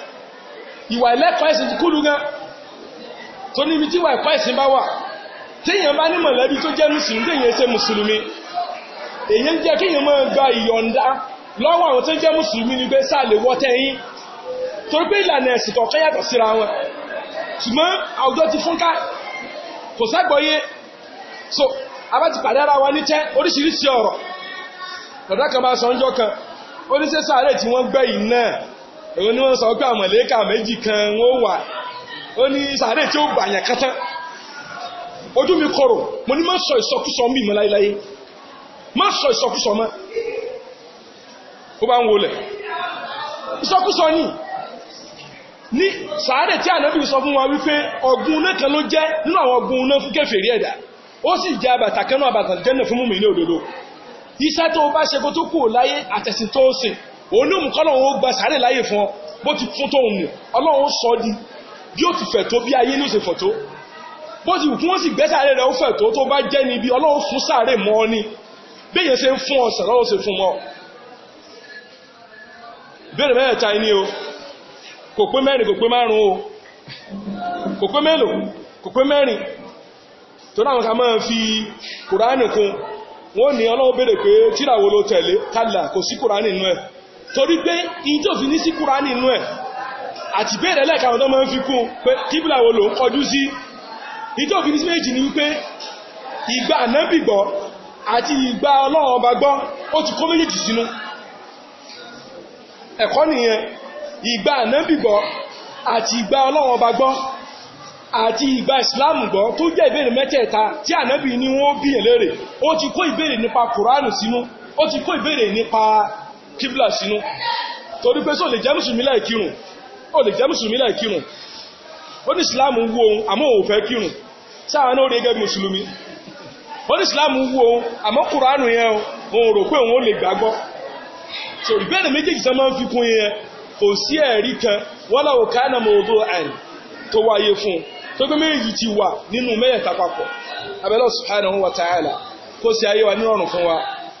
ìwà ẹlẹ́kọ̀ọ́ ẹ̀sìn ti kúlù gan tó níbi tí ìwà ẹ̀kọ́ ẹ̀sìn bá wà téèyàn bá ní mọ̀lẹ́bí tó jẹ́ mùsùlùmí téèyàn ṣe mùsùlùmí èyí ń jẹ́ kéèyàn máa gba ìyọ̀ǹda lọ́wọ́ àwọn tó jẹ́ mùsùlùmí ni pé sáàlè wọ́tẹ́ yín torí so abá ti pàdé ara wa ní tẹ́ oríṣiríṣi ọ̀rọ̀ lọ́dọ̀ kan bá sọ ọjọ́ kan ó ní sẹ́sàárẹ̀ tí wọ́n gbẹ̀yìn náà òun ni wọ́n sọ pé àmọ̀lẹ́kà méjì kan wọ́n wà ó ní sàárè tí ó gbà yàn kátá ojú mi korò mo ní má sọ ìsọkúsọ mí mọ́ láíláí má sọ ìsọkúsọ mọ́ ó bá ń wọlé ìsọkúsọ ni ní sàárè tí ànábì sọ fún wa wípé ọ̀gbun náà kan ló jẹ́ nínú àwọn ọ̀gbun náà fún kèfèrí ẹ̀dá ó sì jẹ́ àbàtà kan náà àbàtà jẹ́nà ní òdodo iṣẹ́ tó bá ṣe kó tó kù láyé àtẹ̀sìn tó ń sìn olóhùn kọ́lọ́hún ó gba sáré láyè fún ọ bó ti fún tóun nù ọlọ́hún sọ ọ́ di bí ó ti fẹ̀ tó bí ayé ní òsè fọ̀ tó bó ti kún ó sì gbé sáré rẹ̀ ó fẹ̀ tó tó bá jẹ́ níbi ọlọ́hún fún sáré mọ́ ọ ni béèyàn ṣe ń fún ọ̀sán lọ́wọ́ ṣe fún mọ́ béèrè mẹ́rẹ̀ta ni o kò pé mẹ́rin kò pé márùn o kò pé mélòó kò pé mẹ́rin tó náà ká máa fi kùránì kún wọ́n ní ọlọ́wọ́ béèrè pé tíràwó ló tẹ̀lé kálà kò sí kùránì nú ẹ̀ torí pé in tí ò fi ní sí kúrá nínú ẹ̀ àti bẹ́ẹ̀rẹ̀ lẹ́ẹ̀kàwọn tó máa ń fi kún pé kíbùlà wo ló ń kọjú sí in tí ò fi ní sí méjì ni wípé ìgbà ànábì gbọ́ àti ìgbà ọlọ́run ọba gbọ́ ó ti kó méjèèjì sínú ẹ̀kọ́ nìyẹn ìgbà ànábì àti ìgbà ìsìláàmù gbọ́ tó jẹ́ ìbéèrè mẹ́tẹ̀ẹ̀ta tí ànábì ni wọ́n bí èlérè ó ti kó ìbéèrè nípa kùránù sínú ó ti kó ìbéèrè nípa kíbla sínú torí pé sọ lè jẹ́ mùsùlùmí láì kírun ó lè jẹ́ mùsùlùmí láì kírun ó ní islam wú ohun àmọ́ òun fẹ́ kírun sáà náà rí gẹ́gẹ́ mùsùlùmí ó ní islam wú ohun àmọ́ kùránù yẹn òun rò pé òun ó lè gbàgbọ́ so ìbéèrè méjèèjì sọ máa ń fi kún yẹn kò sí ẹ̀rí kan wọ́n láwọ̀ káyánà mọ̀ odò àn tó wáyé fún un tó gbé méjì ti wà nínú mẹ́yẹ̀ta papọ̀ abẹ́lẹ́ subhanahu wa ta'ala kó sì ayé wa nírọ̀rùn fún wa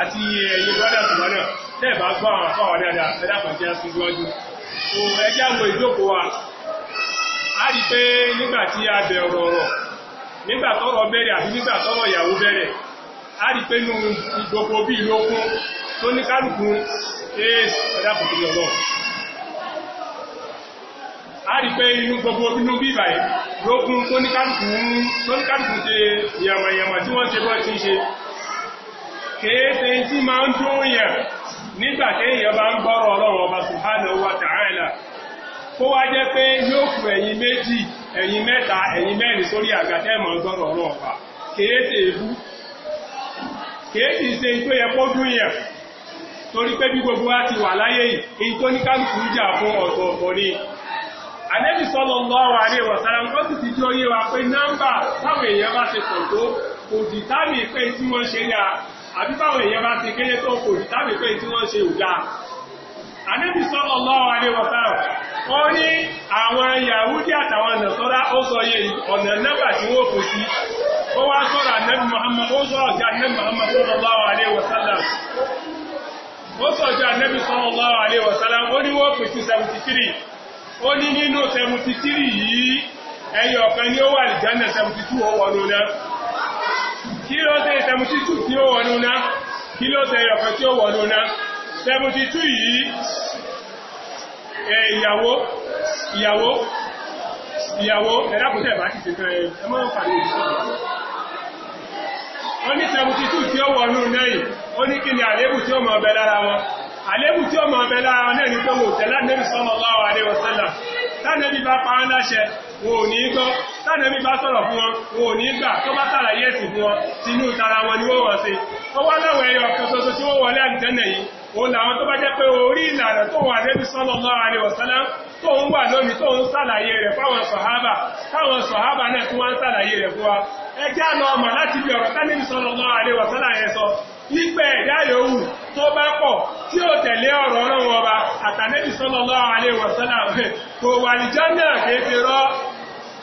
àti ẹ̀yẹ brọ́dà tìwọ́n náà tẹ́ẹ̀bá gbọ́ àwọn àfáwà dáadáa ẹ̀dàpọ̀ tí a sí síwájú so ẹjá wo ìjókòó wa a rí pé nígbà tí a bẹ̀ ọ̀rọ̀ ọ̀rọ̀ nígbà tọ́rọ̀ bẹ̀rẹ̀ àbí nígbà tọ́rọ̀ ìyàwó bẹ̀rẹ̀ a rí pé nínú gbogbo bí ìlókún tó ní kálukú éèsì ẹ̀dàpọ̀ tí lọ́lọ́ a rí pé inú gbogbo inú bí ìbàyẹ̀ lókun tó ní kálukú ṣe yàmàyàmà tí wọ́n ṣe bọ́ ti ṣe kéèsè tí máa ń dún yẹn nígbà téèyàn bá ń gbọ́rọ̀ ọlọ́run ọba subhanahu wa ta'ala kó wá jẹ́ pé yóò kù ẹ̀yìn méjì ẹ̀yìn mẹ́ta ẹ̀yìn mẹ́rin sórí àga tẹ́ẹ̀mọ̀ gbọ́rọ̀ ọlọ́run ọba kéèsè ebú kéèsì ti wà èyí fún ti jọ àbí báwọn èèyàn bá ti kéré tó kò tàbí pé tí wọ́n ṣe ògá Ànábì sallallahu alaihi wa sallam ó ní àwọn Yahudi àtàwọn nàṣọ́lá ó sọ yẹ ọ̀nà nẹ́bà tí wọ́n kò sí ó wá sọ̀rọ̀ Ànábì Muhammad ó sọ̀rọ̀ sí Ànábì Muhammad sallallahu alaihi wa sallam ó sọ̀rọ̀ sí Ànábì sallallahu alaihi wa sallam ó ní wọ́n kò sí 73 ó ní nínú 73 yìí ẹyọ ọ̀kan ni ó wà ní Jannah 72 ó wọnú náà kí ló ṣe 72 tí ó wọnú náà kí ló ṣe ẹ̀yọ̀kan tí ó wọnú náà 72 yìí ìyàwó ìyàwó ìyàwó ẹ̀dàkùnṣẹ́ ìbá ti ṣe fẹ́ ẹmọ́ pàdé ìṣòro wọ́n ní 72 tí ó wọnú náà yìí ó ní kí ni àlébù tí ó mọ̀ ọbẹ̀ lára wọn àlébù tí ó mọ̀ ọbẹ̀ lára wọn náà ní pé wò tẹ̀lá nẹ́bí sallallahu alaihi wasallam tánẹ́bí bá pa án láṣẹ wọn ò ní gbọ́ bá fún wọn wọn ò ní tó bá sàlàyé ẹ̀sìn fún wọn tinú tara wọn ni wọ́n wọ́n ṣe ọwọ́ láwọn ẹyọ kan ṣoṣo tí wọ́n wọlé àlùjànnà yìí òun làwọn tó bá jẹ́ pé orí ìlànà tó wà tó ń wà tó ń sàlàyé rẹ̀ fáwọn sọ̀hábà ọmọ láti bí ọ̀rọ̀ sọ ẹ̀dá yòówù tó bá pọ̀ tí ó tẹ̀lé ọ̀rọ̀ ní kéèké rọ́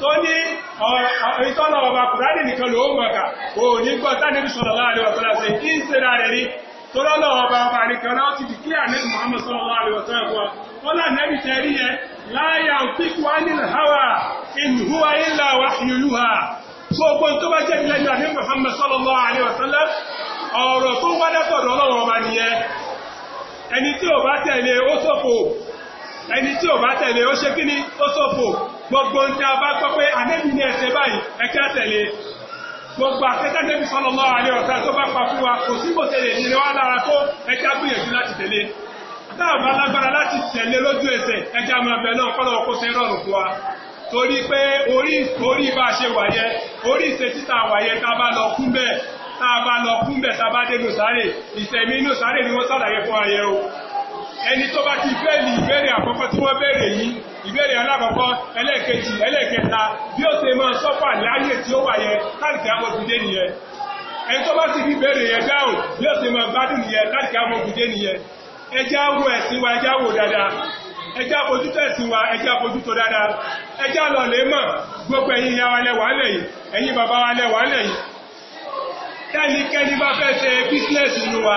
tó ní ìtọ́nà ọba kùránì nìkan ló mọ̀ká o ní gbọ́ tánàbí sallallahu alaihi wasallam sí kí ń ṣe ra rẹ̀ rí tó lọ́nà ọba ọba nìkan náà ti dì kílẹ̀ ànẹ́bì Muhammad sallallahu alaihi wasallam fún wa wọ́n là nẹ́bì tẹ́ rí yẹn láyà òkìkú wá ní hawa in huwa illa wahyu yuha tó gbọ́ tó bá jẹ́ gbogbo ń tẹ́ bá gbọ́ pé ànẹ́bì ní ẹsẹ̀ báyìí ẹ̀kẹ́ tẹ̀lé gbogbo àtẹ́tẹ́bí sallallahu alaihi wasallam tó bá pa fún wa kò sí bò tẹ̀lé ìrìn wá lára tó ẹja gbìyànjú láti tẹ̀lé táàbà lágbára láti tẹ̀lé lójú ẹsẹ̀ ẹja máa bẹ̀ náà kọ́lọ̀ kó ṣe rọrùn fún wa torí pé orí orí bá ṣe wàyẹ orí ìṣe títà wàyẹ tá a bá lọ kún bẹ́ẹ̀ tá a bá lọ kún bẹ́ẹ̀ tá a bá dé nùsáré ìṣẹ̀mí nùsáré ni wọ́n sàlàyé fún ayẹ o ẹni tó bá ti fẹ́ẹ̀lì ìbéèrè àkọ́kọ́ tí wọ́n béèrè yìí ìbéèrè alákọ̀ọ́kọ́ ẹlẹ́ẹ̀kejì ẹlẹ́ẹ̀kẹta bí ó ṣe máa sọ́pà láyé tí ó wà yẹn káàkiri amọ̀gùdé nìyẹn ẹni tó bá sì fi béèrè yẹn dáhùn bí ó ṣe máa gbádùn nìyẹn káàkiri amọ̀gùdé nìyẹn ẹjá wo ẹ̀sìn wa ẹjá wo dáadáa ẹjá bójútó ẹ̀sìn wa ẹjá bójútó dáadáa ẹjá lọ lè mọ̀ gbogbo ẹ̀yin ìyá wa lẹ́wà lẹ̀ yìí ẹ̀yin bàbá wa lẹ́wà lẹ̀ yìí tẹ́nikẹ́ni bá fẹ́ ṣe bísínẹ́sì inú wa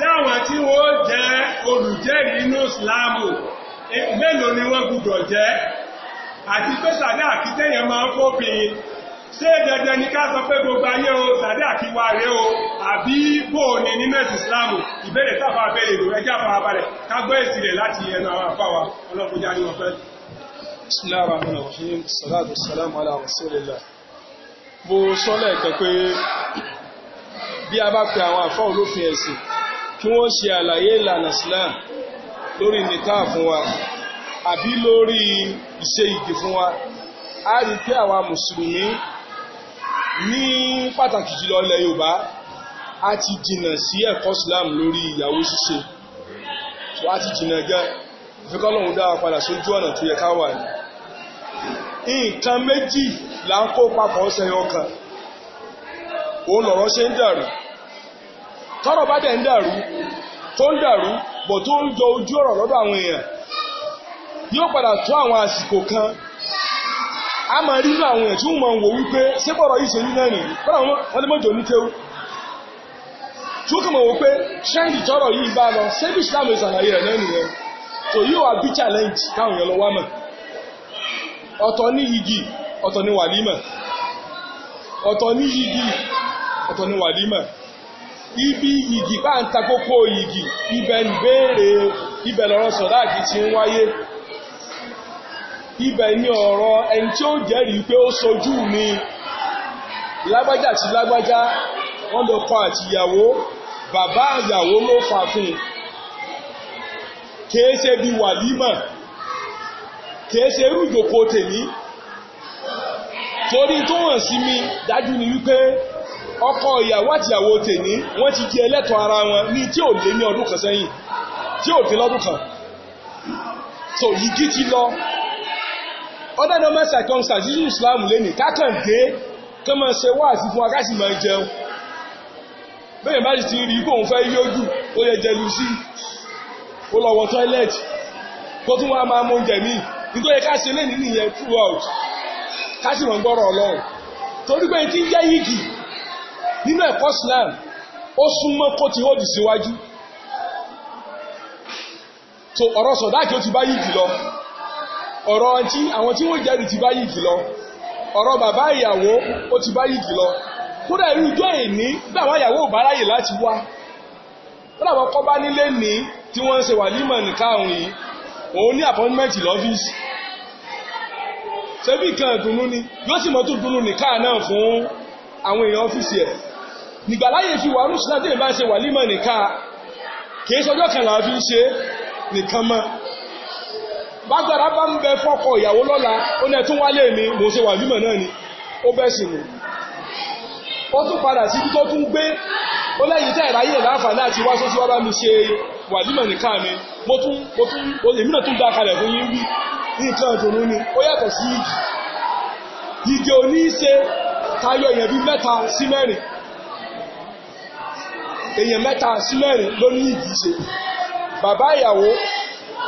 sáwọn tí wọ́n jẹ́ olùjẹ́rìí inú ìsìláàmù e, mélòó ni wọ́n gbúdọ̀ jẹ́ àti pé sàdá àkítẹ́yẹ máa ń fóbin ṣé dandan ní ká sọ pé gbogbo ayé o sàdá àkíwá rẹ̀ o àbí bò ní ní mẹ́sì ìsìláàmù ìbéèrè tàbá bẹ̀rẹ̀ ìlú ẹjá farabalẹ̀ kágbọ́ èsì rẹ̀ láti ẹnu àwọn afáwa ọlọ́kùnjá ní ọ̀fẹ́ بسم الله الرحمن الرحيم الصلاة والسلام على رسول الله mo sọ lẹ́ẹ̀kan pé bí a bá pe àwọn àfọ́ olófin ẹ̀sìn kí wọ́n ṣe àlàyé ìlànà Islam lórí nìka fún wa àbí lórí ìṣe ìdí fún wa a rí pé àwa mùsùlùmí ní pàtàkì jùlọ ilẹ̀ Yorùbá a ti jìnnà sí ẹ̀kọ́ Islam lórí ìyàwó ṣíṣe so a ti jìnnà gan ìfikọ́ lòun dá wa padà sójú ọ̀nà tó yẹ ká wà ní nǹkan méjì là ń kó papọ̀ ọ̀sẹ̀ yọkan òun lọ̀rọ̀ ṣe ń dàrú tọrọ bá dẹ̀ ń dàrú tó ń dàrú bọ̀ tó ń jọ ojú ọ̀rọ̀ lọ́dọ̀ àwọn èèyàn yóò padà tó àwọn àsìkò kan a máa rí inú àwọn èèyàn tí wọ́n máa ń wò wípé sébọ̀rọ̀ yìí ṣe ní náà nìyí kọ́nà wọ́n lè mọ́jọ ní tí kàn wò pé yìí bá lọ ìsàlàyé rẹ̀ challenge káwọn èèyàn lọ wá mọ̀ ọ̀tọ̀ ní igi ọ̀tọ̀ ní ibi igi bá ń ta kókó yìgì ibẹ̀ ń béèrè ibẹ̀ lọ́rọ̀ sọ̀dáàkì ti ń wáyé ibẹ̀ ni ọ̀rọ̀ ẹni tí ó jẹ́rìí pé ó sojú mi lágbájá àti lágbájá wọ́n lọ kọ àtìyàwó bàbá àyàwó ló fà fún kìí bí wàlímà kìí rújòkó tèmi torí tó hàn sí mi dájú ni wípé ọkọ ìyàwó àtìyàwó tèmi wọ́n ti di ẹlẹ́tọ̀ ara wọn ní tí ò lé ní ọdún kan sẹ́yìn tí ò dín lọ́dún kan so yìgì ti lọ other normal circumstances nínú Islam lẹ́nìí kákàndé kí wọ́n ṣe wáàsí fún akásì máa jẹun bẹ́ẹ̀ bá sì ti rí kóun fẹ́ yójú ó yẹ jẹlu sí ó lọ wọ tọ́ílẹ̀tì kó tún wá máa mú oúnjẹ míì nítorí ká ṣe lẹ́nìí nìyẹn throughout ká sì mọ̀ gbọ́rọ̀ Ọlọ́run torí pé tí ń jẹ́ yìgì nínú ẹ̀kọ́ Islam ó súnmọ́ kó ti hóòdì síwájú so ọ̀rọ̀ sọ̀dáàkì ó ti bá yìí jùlọ ọ̀rọ̀ tí àwọn tí wọ́n jẹ́rìí ti bá yìí jùlọ ọ̀rọ̀ bàbá ìyàwó ó ti bá yìí jùlọ kódà irú ìjọ èní bàbá ìyàwó ò bá ráyè láti wá kódà wọn kọ́ bá nílé ní tí wọ́n ń ṣe wàlímọ̀ nìkan àrùn yìí òun nìgbàláyè fi wà rúṣìlá tí ìbá ṣe wàlímà nìka kìí sọjọ́ kan la fi ń ṣe nìkan mọ́ bágbára bá ń bẹ fọ́kọ ìyàwó lọ́la ó ní ẹtún wálé mi mò ń ṣe wàlímà náà ni ó bẹ́ sì mú ó tún padà sí tó ni ó yàtọ̀ sí igi igi òní ṣe èèyàn mẹ́ta sí mẹ́rin ló ní ìdí ṣe bàbá ìyàwó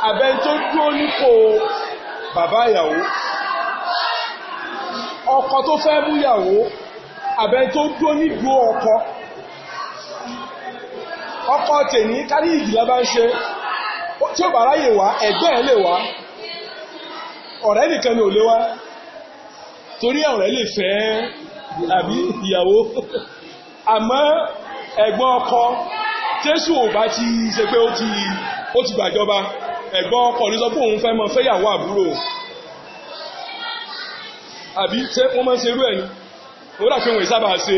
abẹ́ni tó dúró nípò bàbá ìyàwó ọkọ tó fẹ́ mú ìyàwó abẹ́ni tó dúró nídùú ọkọ ọkọ tèmi kárí ìdílé bá ń ṣe tí ó bá ráyè wá ẹ̀gbẹ́ ẹ̀ lè wá ọ̀rẹ́ nìkan ni ò lè wá torí ọ̀rẹ́ lè fẹ́ àbí ìyàwó àmọ́ ẹ̀gbọ́n ọkọ jésù ò bá ti ṣe pé ó ti gbàjọba ẹ̀gbọ́n ọkọ ní sọ pé òun fẹ́ mọ fẹ́yàwó àbúrò àbí ṣé wọ́n máa ń ṣe irú ẹ̀ ni wọ́n dà pé wọ́n ìsábà ṣe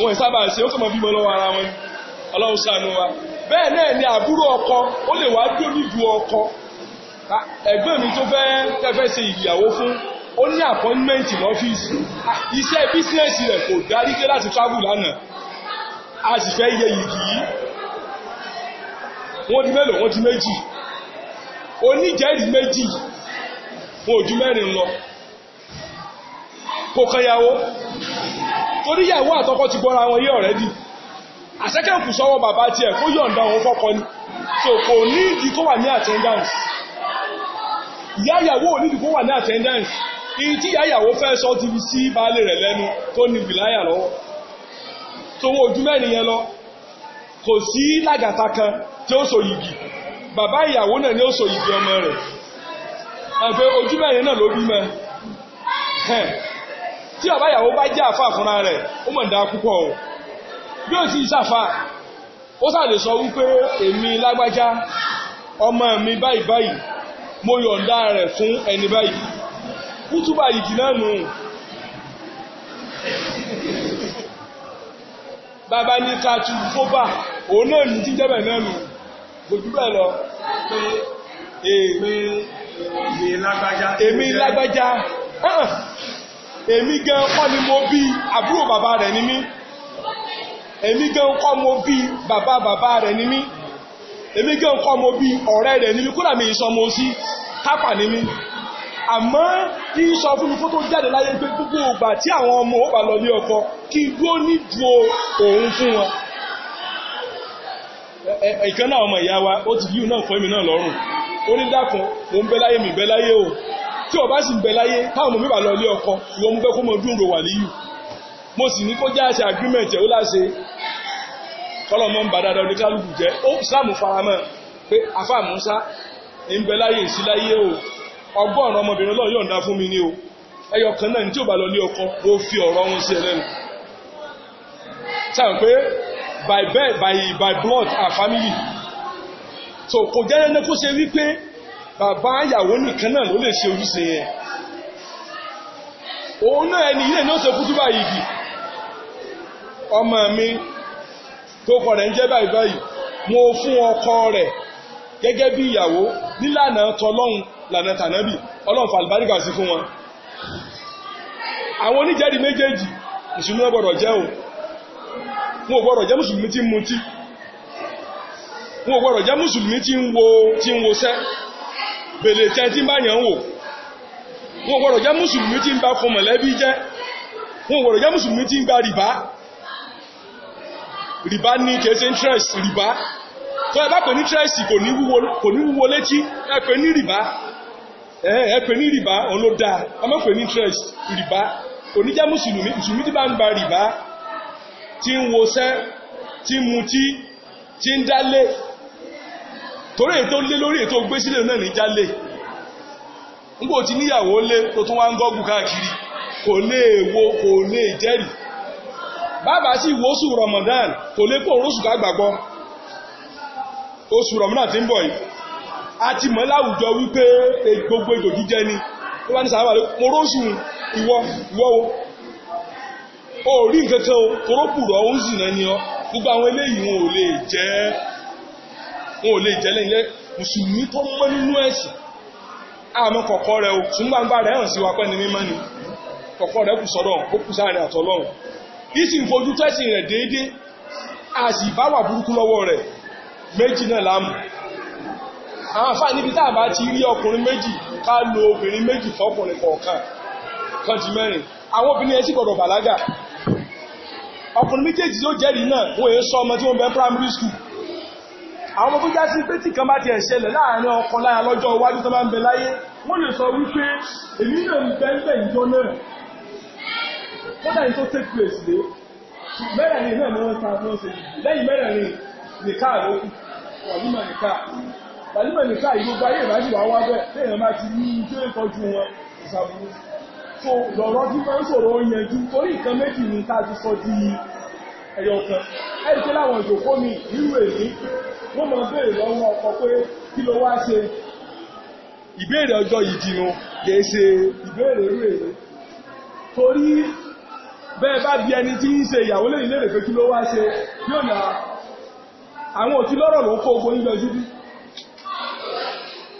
wọ́n ìsábà ṣe ó kàn mọ́ bímọ lọ́wọ́ ara wọn ọlọ́run ṣàánú wa bẹ́ẹ̀ náà ni àbúrò ọkọ ó lè wá dó níbu ọkọ ẹ̀gbọ́n mi tó fẹ́ tẹ́fẹ́ ṣe ìyàwó fún ó ní appointment lọ́fíìsì iṣẹ́ bísíǹsì rẹ̀ kò darí dé láti travel lánàá a sì fẹ́ yẹ yìí yìí wọ́n di mélòó wọ́n di méjì oníjẹ́rìí méjì wọn ò ju mẹ́rin lọ kò kanyàwó torí yàwó àtọkọ ti gbọ́ra wọn yé ọ̀rẹ́dì àṣẹ́kẹ̀kù sọ́wọ́ bàbá tiẹ̀ kó yọ̀ǹda òun fọ́kọ ni so kò nídìí kó wà ní attendance ìyá ìyàwó ò nídìí kó wà ní attendance ìyí tí ìyá ìyàwó fẹ́ sọ ti fi sí baálé rẹ̀ lẹ́nu tó ní bìláyà lọ́wọ́ sowó ojú mẹ́rin yẹn lọ kò sí làgàtà kan tí ó so yìgì bàbá ìyàwó náà ni ó so yìgì ọmọ rẹ̀ àfẹ́ ojú mẹ́rin náà ló bímọ tí bàbá ìyàwó bá jẹ́ àfà fúnra rẹ̀ ó mọ̀ dáa púpọ̀ o bí ó ti ṣàfà ó sàlè sọ wípé èmi lágbájá ọmọ mi báyìí báyìí mo yọ̀ǹda rẹ̀ fún ẹni báyìí kútúbà yìgì náà nù bàbá ní káàtù fóbà òun náà ní jíjẹ́bẹ̀ náà nù gbòjú bẹ̀ lọ pé èmi lágbájá èmi lágbájá èmi gan kọ́ ni mo bí àbúrò bàbá rẹ̀ ni mí èmi gan kọ́ mo bí bàbá bàbá rẹ̀ ni mí èmi gan kọ́ mo bí ọ̀rẹ́ rẹ̀ ni mí kódà mi ìsọmọ sí kápà ni mí àmọ́ kí n sọ fún mi kó tó jáde láyé pé gbogbo ìgbà tí àwọn ọmọ ó bá lọ ní ọkọ kí n dúró ní ju òun fún wọn. ìkan náà ọmọ ìyá wa ó ti yíw náà fún èmi náà lọ́rùn ó ní dákun mò ń bẹ mi bẹ láyé o tí o bá sì ń bẹ láyé táwọn ọmọ mi bá lọ ní ọkọ ìwọ mú fẹ́ kó mọ dúró wà níyù mo sì ní kó já ṣe agreement ẹ̀ ó láṣe kọlọmọ ń ba dáadáa oníkálukú jẹ ó sáàmù faramọ́ pé àfàmúsá ń bẹ láyé o ọgọ́rùn ọmọbìnrin lọ́ọ̀ yọ̀ǹda fún mi ní o ẹyọ kan náà ní tí ò bá lọ ní ọkọ ó fi ọ̀rọ̀ wọn sí ẹlẹ́nu sáà pé by birth by by blood her family so kò jẹ́ ní kó ṣe wípé bàbá ìyàwó nìkan náà ló lè ṣe ojúṣe yẹn òun náà ẹni ilé ní ó ṣe kútú báyìí ọmọ mi tó kọ rẹ̀ ń jẹ́ báyìí báyìí mo fún ọkọ rẹ̀ gẹ́gẹ́ bí ìyàwó nílànà lànà tànábì ọlọ́run fa àlùbáríkà sí fún wọn àwọn oníjẹ́rìí méjèèjì mùsùlùmí gbọ́dọ̀ jẹ́ o wọn ò gbọ́dọ̀ jẹ́ mùsùlùmí tí ń mutí wọn ò gbọ́dọ̀ jẹ́ mùsùlùmí tí ń wo tí ń wosẹ́ bèlè tẹ́ tí ń bá yàn wò wọn ò jẹ́ mùsùlùmí tí ń bá fún mọ̀lẹ́bí jẹ́ wọn ò jẹ́ mùsùlùmí tí ń gba rìbá rìbá ní kèése interest rìbá tó ẹ bá pè ní interest kò ní wúwo létí ẹ pè ní rìbá ẹ ẹ pè ní rìbá òun ló dáa ẹ má pè ní interest rìbá oníjà mùsùlùmí mùsùlùmí tí bá ń ba rìbá tí ń wọṣẹ́ tí ń mutí tí ń dálé torí ètò lé lórí ètò gbé sílẹ̀ náà ní jálé nígbò tí níyàwó lé tó tún wá ń gọ́gù káàkiri kò lè wo kò lè jẹ́rì bàbá sí ìwòsù Ramadan kò lè kó orósù ká gbàgbọ́ Ramadan ti ń bọ̀ a ti mọ̀ láwùjọ wípé gbogbo ejò jíjẹ ni tó bá ní sàábà ló mo róṣù ìwọ ìwọ o ò rí nkankan o torókùrọ̀ ó ń zìnà ni ọ gbogbo àwọn eléyìí wọn ò lè jẹ́ wọn ò lè jẹ́ lẹ́yìn lẹ́ mùsùlùmí tó mọ́ nínú ẹ̀sìn àmọ́ kọ̀kọ́ rẹ̀ o ṣùgbọ́nbà rẹ̀ hàn sí wa pẹ́ ni mímọ́ ni kọ̀kọ́ rẹ̀ kù sọ́dọ̀ ó kù sáàrin àtọ́lọ́run ìsì ń fojú tẹ́sìn rẹ̀ déédéé a burúkú lọ́wọ́ rẹ̀ méjì náà láàmù àwọn àfáà níbi tá a bá ti rí ọkùnrin méjì ká lo obìnrin méjì fọkùnrin kọ̀ọ̀kan kan ti mẹ́rin àwọn obìnrin yẹn sì gbọ́dọ̀ bàlágà ọkùnrin méjèèjì yóò jẹ́rìí náà wọ́n èé sọ ọmọ tí wọ́n bẹ primary school àwọn ọmọ tó já sí pé tí kan bá ti ẹ̀ṣẹlẹ̀ láàrin ọkọ láya lọ́jọ́ iwájú tó bá ń bẹ láyé wọ́n lè sọ wípé èmi náà ń bẹ ń bẹ ìjọ náà kódà ní tó take place lé mẹ́rẹ̀ẹ̀rin náà ni wọ́n ta wọ́n ṣe lẹ́yìn mẹ́rẹ̀ẹ̀rin nìkáà lókù bàlímọ̀ nìka ìgbogbo ayé ìbájú wà wá bẹ́ẹ̀ lẹ́yìn máa ti ní tí ó wọn ìṣàbùrú so lọ̀rọ̀ tí wọ́n ń sọ̀rọ̀ yẹnjú torí nǹkan méjì ní ká ti sọ di ẹ̀yọ̀ kan ẹ̀rí pé láwọn ìjòkó mi nínú èmi wọ́n máa béèrè lọ́wọ́ ọkọ pé kí ló wá ṣe ìbéèrè ọjọ́ ìdìnnà kìí ṣe ìbéèrè rú èrè torí bẹ́ẹ̀ bá bí ẹni tí ń ṣe ìyàwó lè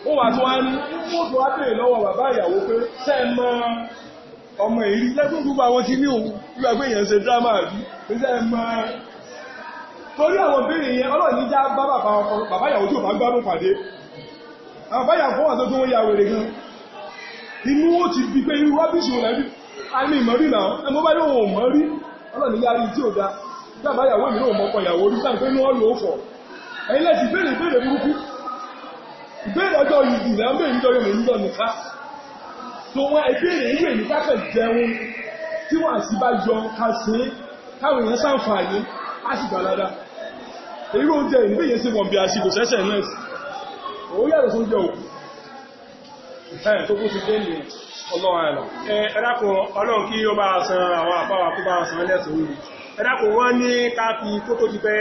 ó wà tó wá ní mọ́tò wá bèèrè lọ́wọ́ bàbá ìyàwó pé ṣé mọ ọmọ èyí lẹ́kùn gbogbo àwọn tí ní òun gbígbà pé èèyàn ṣe drama àbí ṣé mọ torí àwọn bèèrè yẹn ọlọ́ọ̀ni já bá bàbá ìyàwó tí ò bá gbádùn pàdé àwọn bàbá ìyàwó wà tó tó wọ́n ya wèrè gan inú ó ti bí pé irú rọ́bìṣì òun ẹbí a ní ìmọ̀rí náà ẹmọ́ bá yóò mọ̀ rí ọlọ́ọ̀ni yára tí ò dá bàbá ìyàwó mi náà mọ́kọ ìyàwó ẹ̀yìn lẹ́sì bèèrè bèèrè burúkú ìbéèrè ọjọ́ yìí ìlà ń bèèrè ìjọyọ̀ mẹ́rin lọ nìká tó wọ́n ìbéèrè ìwé ní kákẹ̀ jẹun tí wọ́n sì bá yọ ká sí káwọn èèyàn sáǹfààní á sì gbàládá èyí oúnjẹ ìbéèrè sí wọn bí a sì kò sẹ́sẹ̀ náà òun yàtọ̀ tó jẹ òkú ẹ̀ tó kó ti dé ní ọlọ́run àlọ́ ẹ̀ẹ́dákùn ọlọ́run kí ó bá san àwọn àbáwà kó bá san lẹ́sàn-án ẹ̀dákùn wọ́n ní ká fi kókó ti pẹ́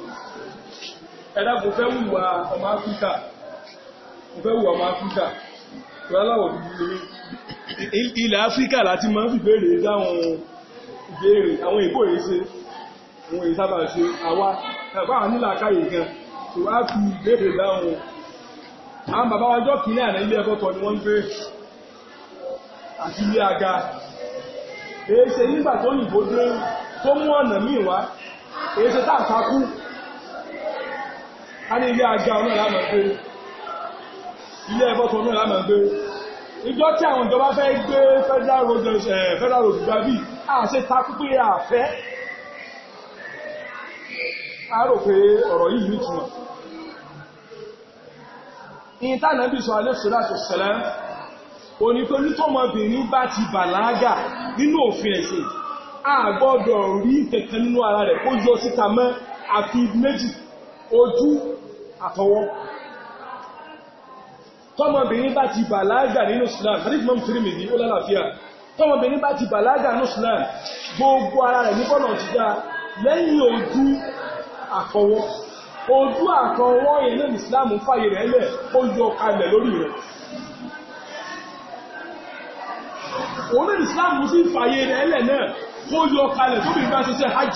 ẹ̀dá kò fẹ́ wùwà ọmọ áfíríkà kò fẹ́ wùwà ọmọ áfíríkà tó aláwọ̀ dúdú lórí ilẹ̀ áfíríkà láti máa ń fi béèrè dáwọn ìbéèrè àwọn èkó èyí ṣe àwọn èyí sábà ṣe àwa tàbá àwọn nílà káyè gan tó á fi béèrè dáwọn àwọn bàbá wa jọ́ kìíní àná ilé ẹ̀kọ́ tọ́ ni wọ́n ń gbé àti ilé aga èyí ṣe nígbà tó yìnbó dé tó mú ọ̀nà míì wá èyí ṣe táà sákú a ní ilé ajá ọ̀nà láàmà gbé ilé ẹ̀bọ́tọ̀ ọ̀nà láàmà gbé ìjọ tí àwọn ìjọba fẹ́ gbé federal road gbà eh, bí a ṣe takú pé a fẹ́ a rò pé ọ̀rọ̀ yìí ní túnmọ̀ ní tánà bí sọ alẹ́ sọ́lá tó sẹ́lẹ̀ onítorí tọ́mọbìnrin bá ti bàlágà nínú òfin ẹ̀sìn a gbọ́dọ̀ rí kẹ̀kẹ́ nínú ara rẹ̀ kó yọ síta mọ́ àfi méjì ojú àtọwọ́ tọ́mọbìnrin bá ti bàlágà nínú Islam hadith mom Tirmidhi ó lálàáfíà tọ́mọbìnrin bá ti bàlágà nínú Islam gbogbo ara rẹ̀ ní kọ́nà ti dá lẹ́yìn ojú àtọwọ́ ojú àtọwọ́ yẹn ní Islam ń fàyè rẹ̀ lẹ̀ ó yọ kalẹ̀ lórí rẹ̀ òun ní Islam sì fàyè rẹ̀ lẹ̀ náà ó yọ kalẹ̀ tóbi bá ṣe ṣe hajj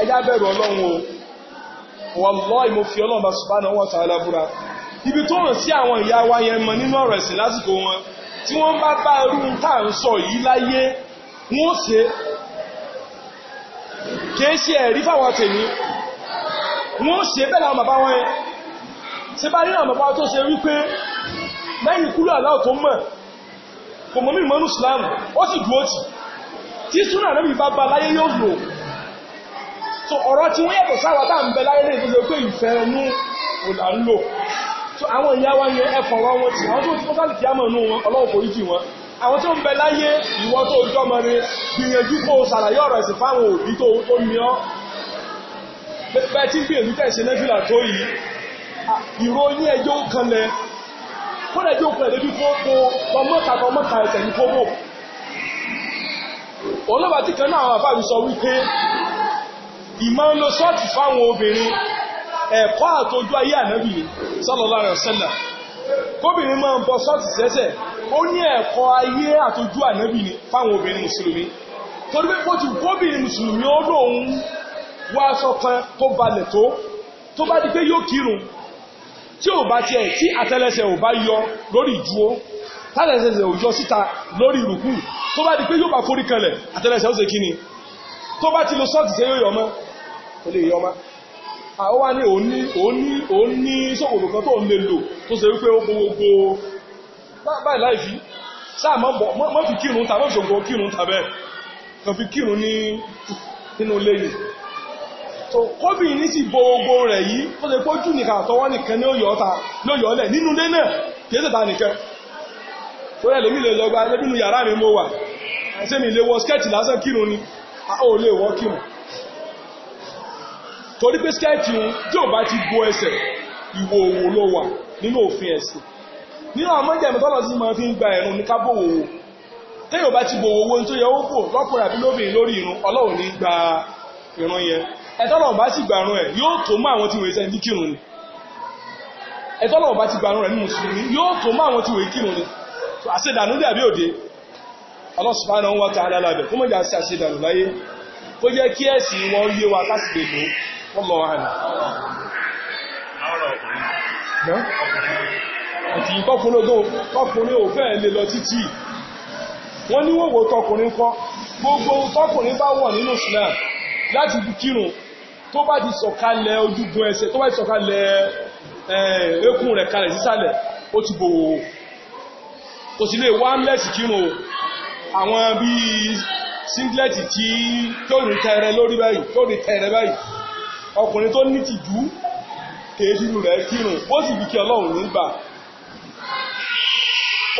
ẹjá bẹ̀rù ọlọ́run o wallahi mo fi ọlọ́run subhanahu wa ta'ala búra ibi tó rìn sí àwọn ìyá wa yẹn mọ nínú ọ̀rọ̀ ẹ̀sìn lásìkò wọn tí wọ́n bá bá irú tá à ń sọ yìí láyé wọ́n ṣe kìí ṣe ẹ̀rí fáwọn tèmi wọ́n ṣe bẹ́ẹ̀ làwọn bàbá wọn yẹn ṣe bá nínú àwọn bàbá tó ṣe tí súnà náà mi bá ba láyé yóò lò so ọ̀rọ̀ tí wọ́n yàtọ̀ sáwà tá à ń bẹ láyé lè gbogbo pé ìfẹ́ inú ò ń lò so àwọn ìyá ẹ̀fọ̀ wọn tì àwọn tó ti fọ́sálì kí á mọ̀ nú wọn ọlọ́run forí jì wọn àwọn tó ń bẹ láyé tó jọmọ ni gbìyànjú kó ọ̀rọ̀ ẹ̀sìn fáwọn òbí tó tó ní ìmọ̀ ń lo ṣọ́ọ̀tì fáwọn obìnrin ẹ̀kọ́ àtọ́jú ayé ànábì sallallahu alaihi wasallam kóbìnrin máa ń bọ ṣọ́ọ̀tì sẹ́sẹ̀ ó ní ẹ̀kọ́ ayé àtọ́jú ànábì fáwọn obìnrin mùsùlùmí torí pé kó ti kóbìnrin mùsùlùmí ó lóun wá aṣọ kan tó balẹ̀ tó tó bá di pé yóò kírun tí ò bá tiẹ̀ tí àtẹ́lẹsẹ̀ ò bá yọ lórí ìdúró tálẹ̀sẹ̀ ò yọ síta lórí ìrùkù tó bá di pé yóò bá forí kanlẹ̀ àtẹ́lẹsẹ̀ ó ṣe kíni tó bá ti lo sọ́ọ̀tì ṣe yóò yọ ọmọ kò lè yọ ọmọ àwọn wá ní òní òní òní sòkòtò kan tó ń lè lò tó ṣe wípé ó gbogbo báyìí láì fi sáà mọ́ fi kírun tàbí òṣogbo kírun tàbẹ́ kan fi kírun so kóbìnrin ní sì gbogbo rẹ̀ yìí tó ṣe pójú nìkan àtọwọ́ nìkan ní ó yọ ọ́ta ló yọ ọ́lẹ̀ nínú ilé náà kìí ṣèta nìkan tó rẹ̀ lèmi lè mi le wà ṣé mi lásán kírun ni ó lè wọ́ kírun torí pé skẹ́ẹ̀tì tí ò bá ti bo ẹsẹ̀ ìwò òwò ló wà nínú òfin ẹ̀sìn nínú àwọn mọ́jẹ̀mí tọ́lọ̀ sí máa fi ń gba ẹ̀rùn ní kábò òwò téyò bá ti bo owó tó yẹ ó bò lọ́kùnrin àbí lóbìnrin lórí ìrun ọlọ́run ní gba ìrun yẹn ẹ̀tọ́lọ̀ bá sì gbàrún ẹ̀ yóò tó mọ́ àwọn tí wọ́n ṣe ń kírun ni ẹ̀tọ́lọ̀ bá ti gbàrún rẹ̀ ní mùsùlùmí yóò tó mọ́ àwọn tí wọ́n kírun ni àṣedànú dàbí òde Allah subhanahu wa ta'ala lábẹ̀ kó mọ̀já sí àṣìdànù láyé kó jẹ́ kí ẹ̀sì wọn yé wa kásìkè ló wọ́n mọ̀ wà ní. àti ìkọkùnrin ò fẹ́ lè lọ títí wọ́n ní wòwò tọkùnrin kọ́ gbogbo tọkùnrin bá wọ̀ nínú Islam láti kírun tó bá ti sọ̀kalẹ̀ ojúgun ẹsẹ̀ tó bá ti sọ̀kalẹ̀ ẹ̀ẹ́kùn rẹ̀ kalẹ̀ sísàlẹ̀ ó ti bòwò kò sí lè wá mẹ́sì kírun o àwọn bíi singlet tí tó rí tẹrẹ lórí báyìí tó rí tẹrẹ báyìí ọkùnrin tó ní tìjú kèéfì rẹ̀ kírun ó sì bí kí ọlọ́run nígbà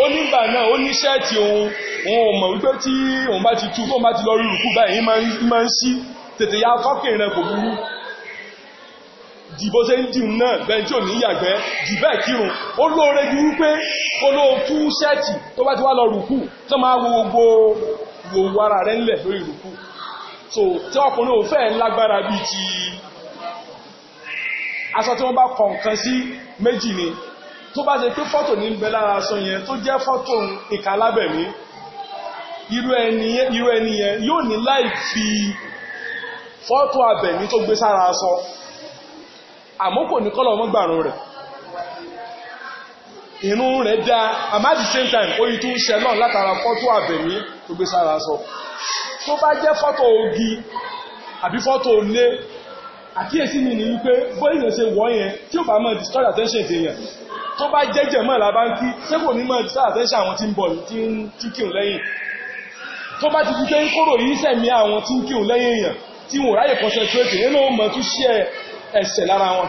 ó nígbà náà ó ní ṣẹ́ẹ̀tì òun òun ò mọ̀ wípé tí òun bá ti tú tó bá ti lọ rí rùkú báyìí máa ń sí tètè ya kọ́kìnrin rẹ̀ kò burú dìbò ṣe ń dìun náà bẹni tí ò ní yàgbẹ́ dìbẹ́ kírun ó lóore ju wípé olóòtú ṣẹ́ẹ̀tì tó bá ti wá lọ rùkú tó máa wo gbogbo wo ara rẹ̀ ńlẹ̀ lórí rùkú so tí ọkùnrin ò fẹ́ lágbára bí ti aṣọ tí wọ́n bá kọ̀ nǹkan sí méjì ni tó bá ṣe pé fọ́tò ní bẹ lára aṣọ yẹn tó jẹ́ fọ́tò ìka irú ẹni yẹn yóò ní láì fi fọ́tò abẹ̀mí tó gbé sára aṣọ àmọ́ kò ní kọ́lọ̀ ọmọ gbàrún rẹ̀ inú rẹ̀ dá àmọ́ at the same time ó yí tún ṣẹ náà látara fọ́tò àbẹ̀mí tó gbé sára sọ tó bá jẹ́ fọ́tò ogi àbí fọ́tò ilé àkíyèsí mi ní wípé bóyìnà ṣe wọ́ yẹn tí ó bá mọ́ disturb attention ti yẹn tó bá jẹ́jẹ̀ mọ́ làbá ń kí ṣé kò ní mọ́ disturb attention àwọn tí ń bọ̀ tí kí lẹ́yìn tó bá ti fi pé ń kóró yìí sẹ̀mí àwọn tí ń kí lẹ́yìn èèyàn tí wọ́n ráyè concentrate nínú mọ̀ tún ṣe ẹsẹ̀ lára wọn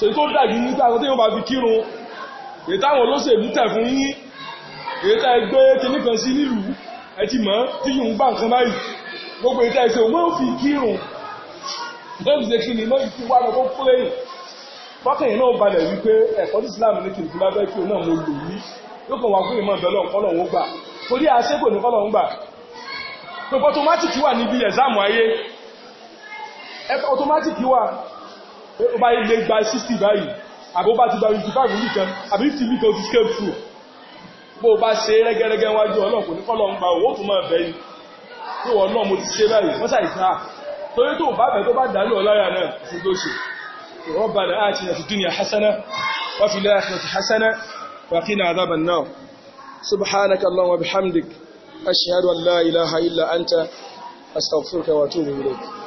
so tó dàjú nígbà tó yóò bá fi kírun èyí táwọn olóṣèlú tẹ̀ fún yín èyí tẹ́ gbé kinní kan sí nílùú ẹ ti mọ̀ tí yìí ń gbà nǹkan báyìí gbogbo èyí tẹ́ ṣe ò mọ́ fi kírun mọ́ fi ṣe kí ni mọ́ fi wá lọ kó pléyìn fọ́kànyìn náà balẹ̀ wípé ẹ̀kọ́ tí Islam ní kìnnìkì bá bẹ́ẹ̀ kí o náà mo lò ní yóò kàn wá fún ìmọ̀ ìbẹ̀lẹ̀ ọ̀kọ́lọ̀wọ́ gbà torí àṣẹ́kò ní kọ́lọ̀ ń gbà pẹ̀pọ̀ automatic wà níbi ẹ̀záàmù ayé automatic wà ó bá ilé gba 60 báyìí àbó bá ti gba 55 nìkan àbí 50 nìkan ti scale through bó bá ṣe rẹ́gẹ́rẹ́gẹ́ wájú ọlọ́pù ní kọ́lọ̀ ń gba owó tó máa bẹ̀yìn tó wọ́n náà mo ti ṣe báyìí wọ́n sàì sáà torí tó bá bẹ̀ tó bá dálé ọlára náà fún tó ṣe Rabbana atina fid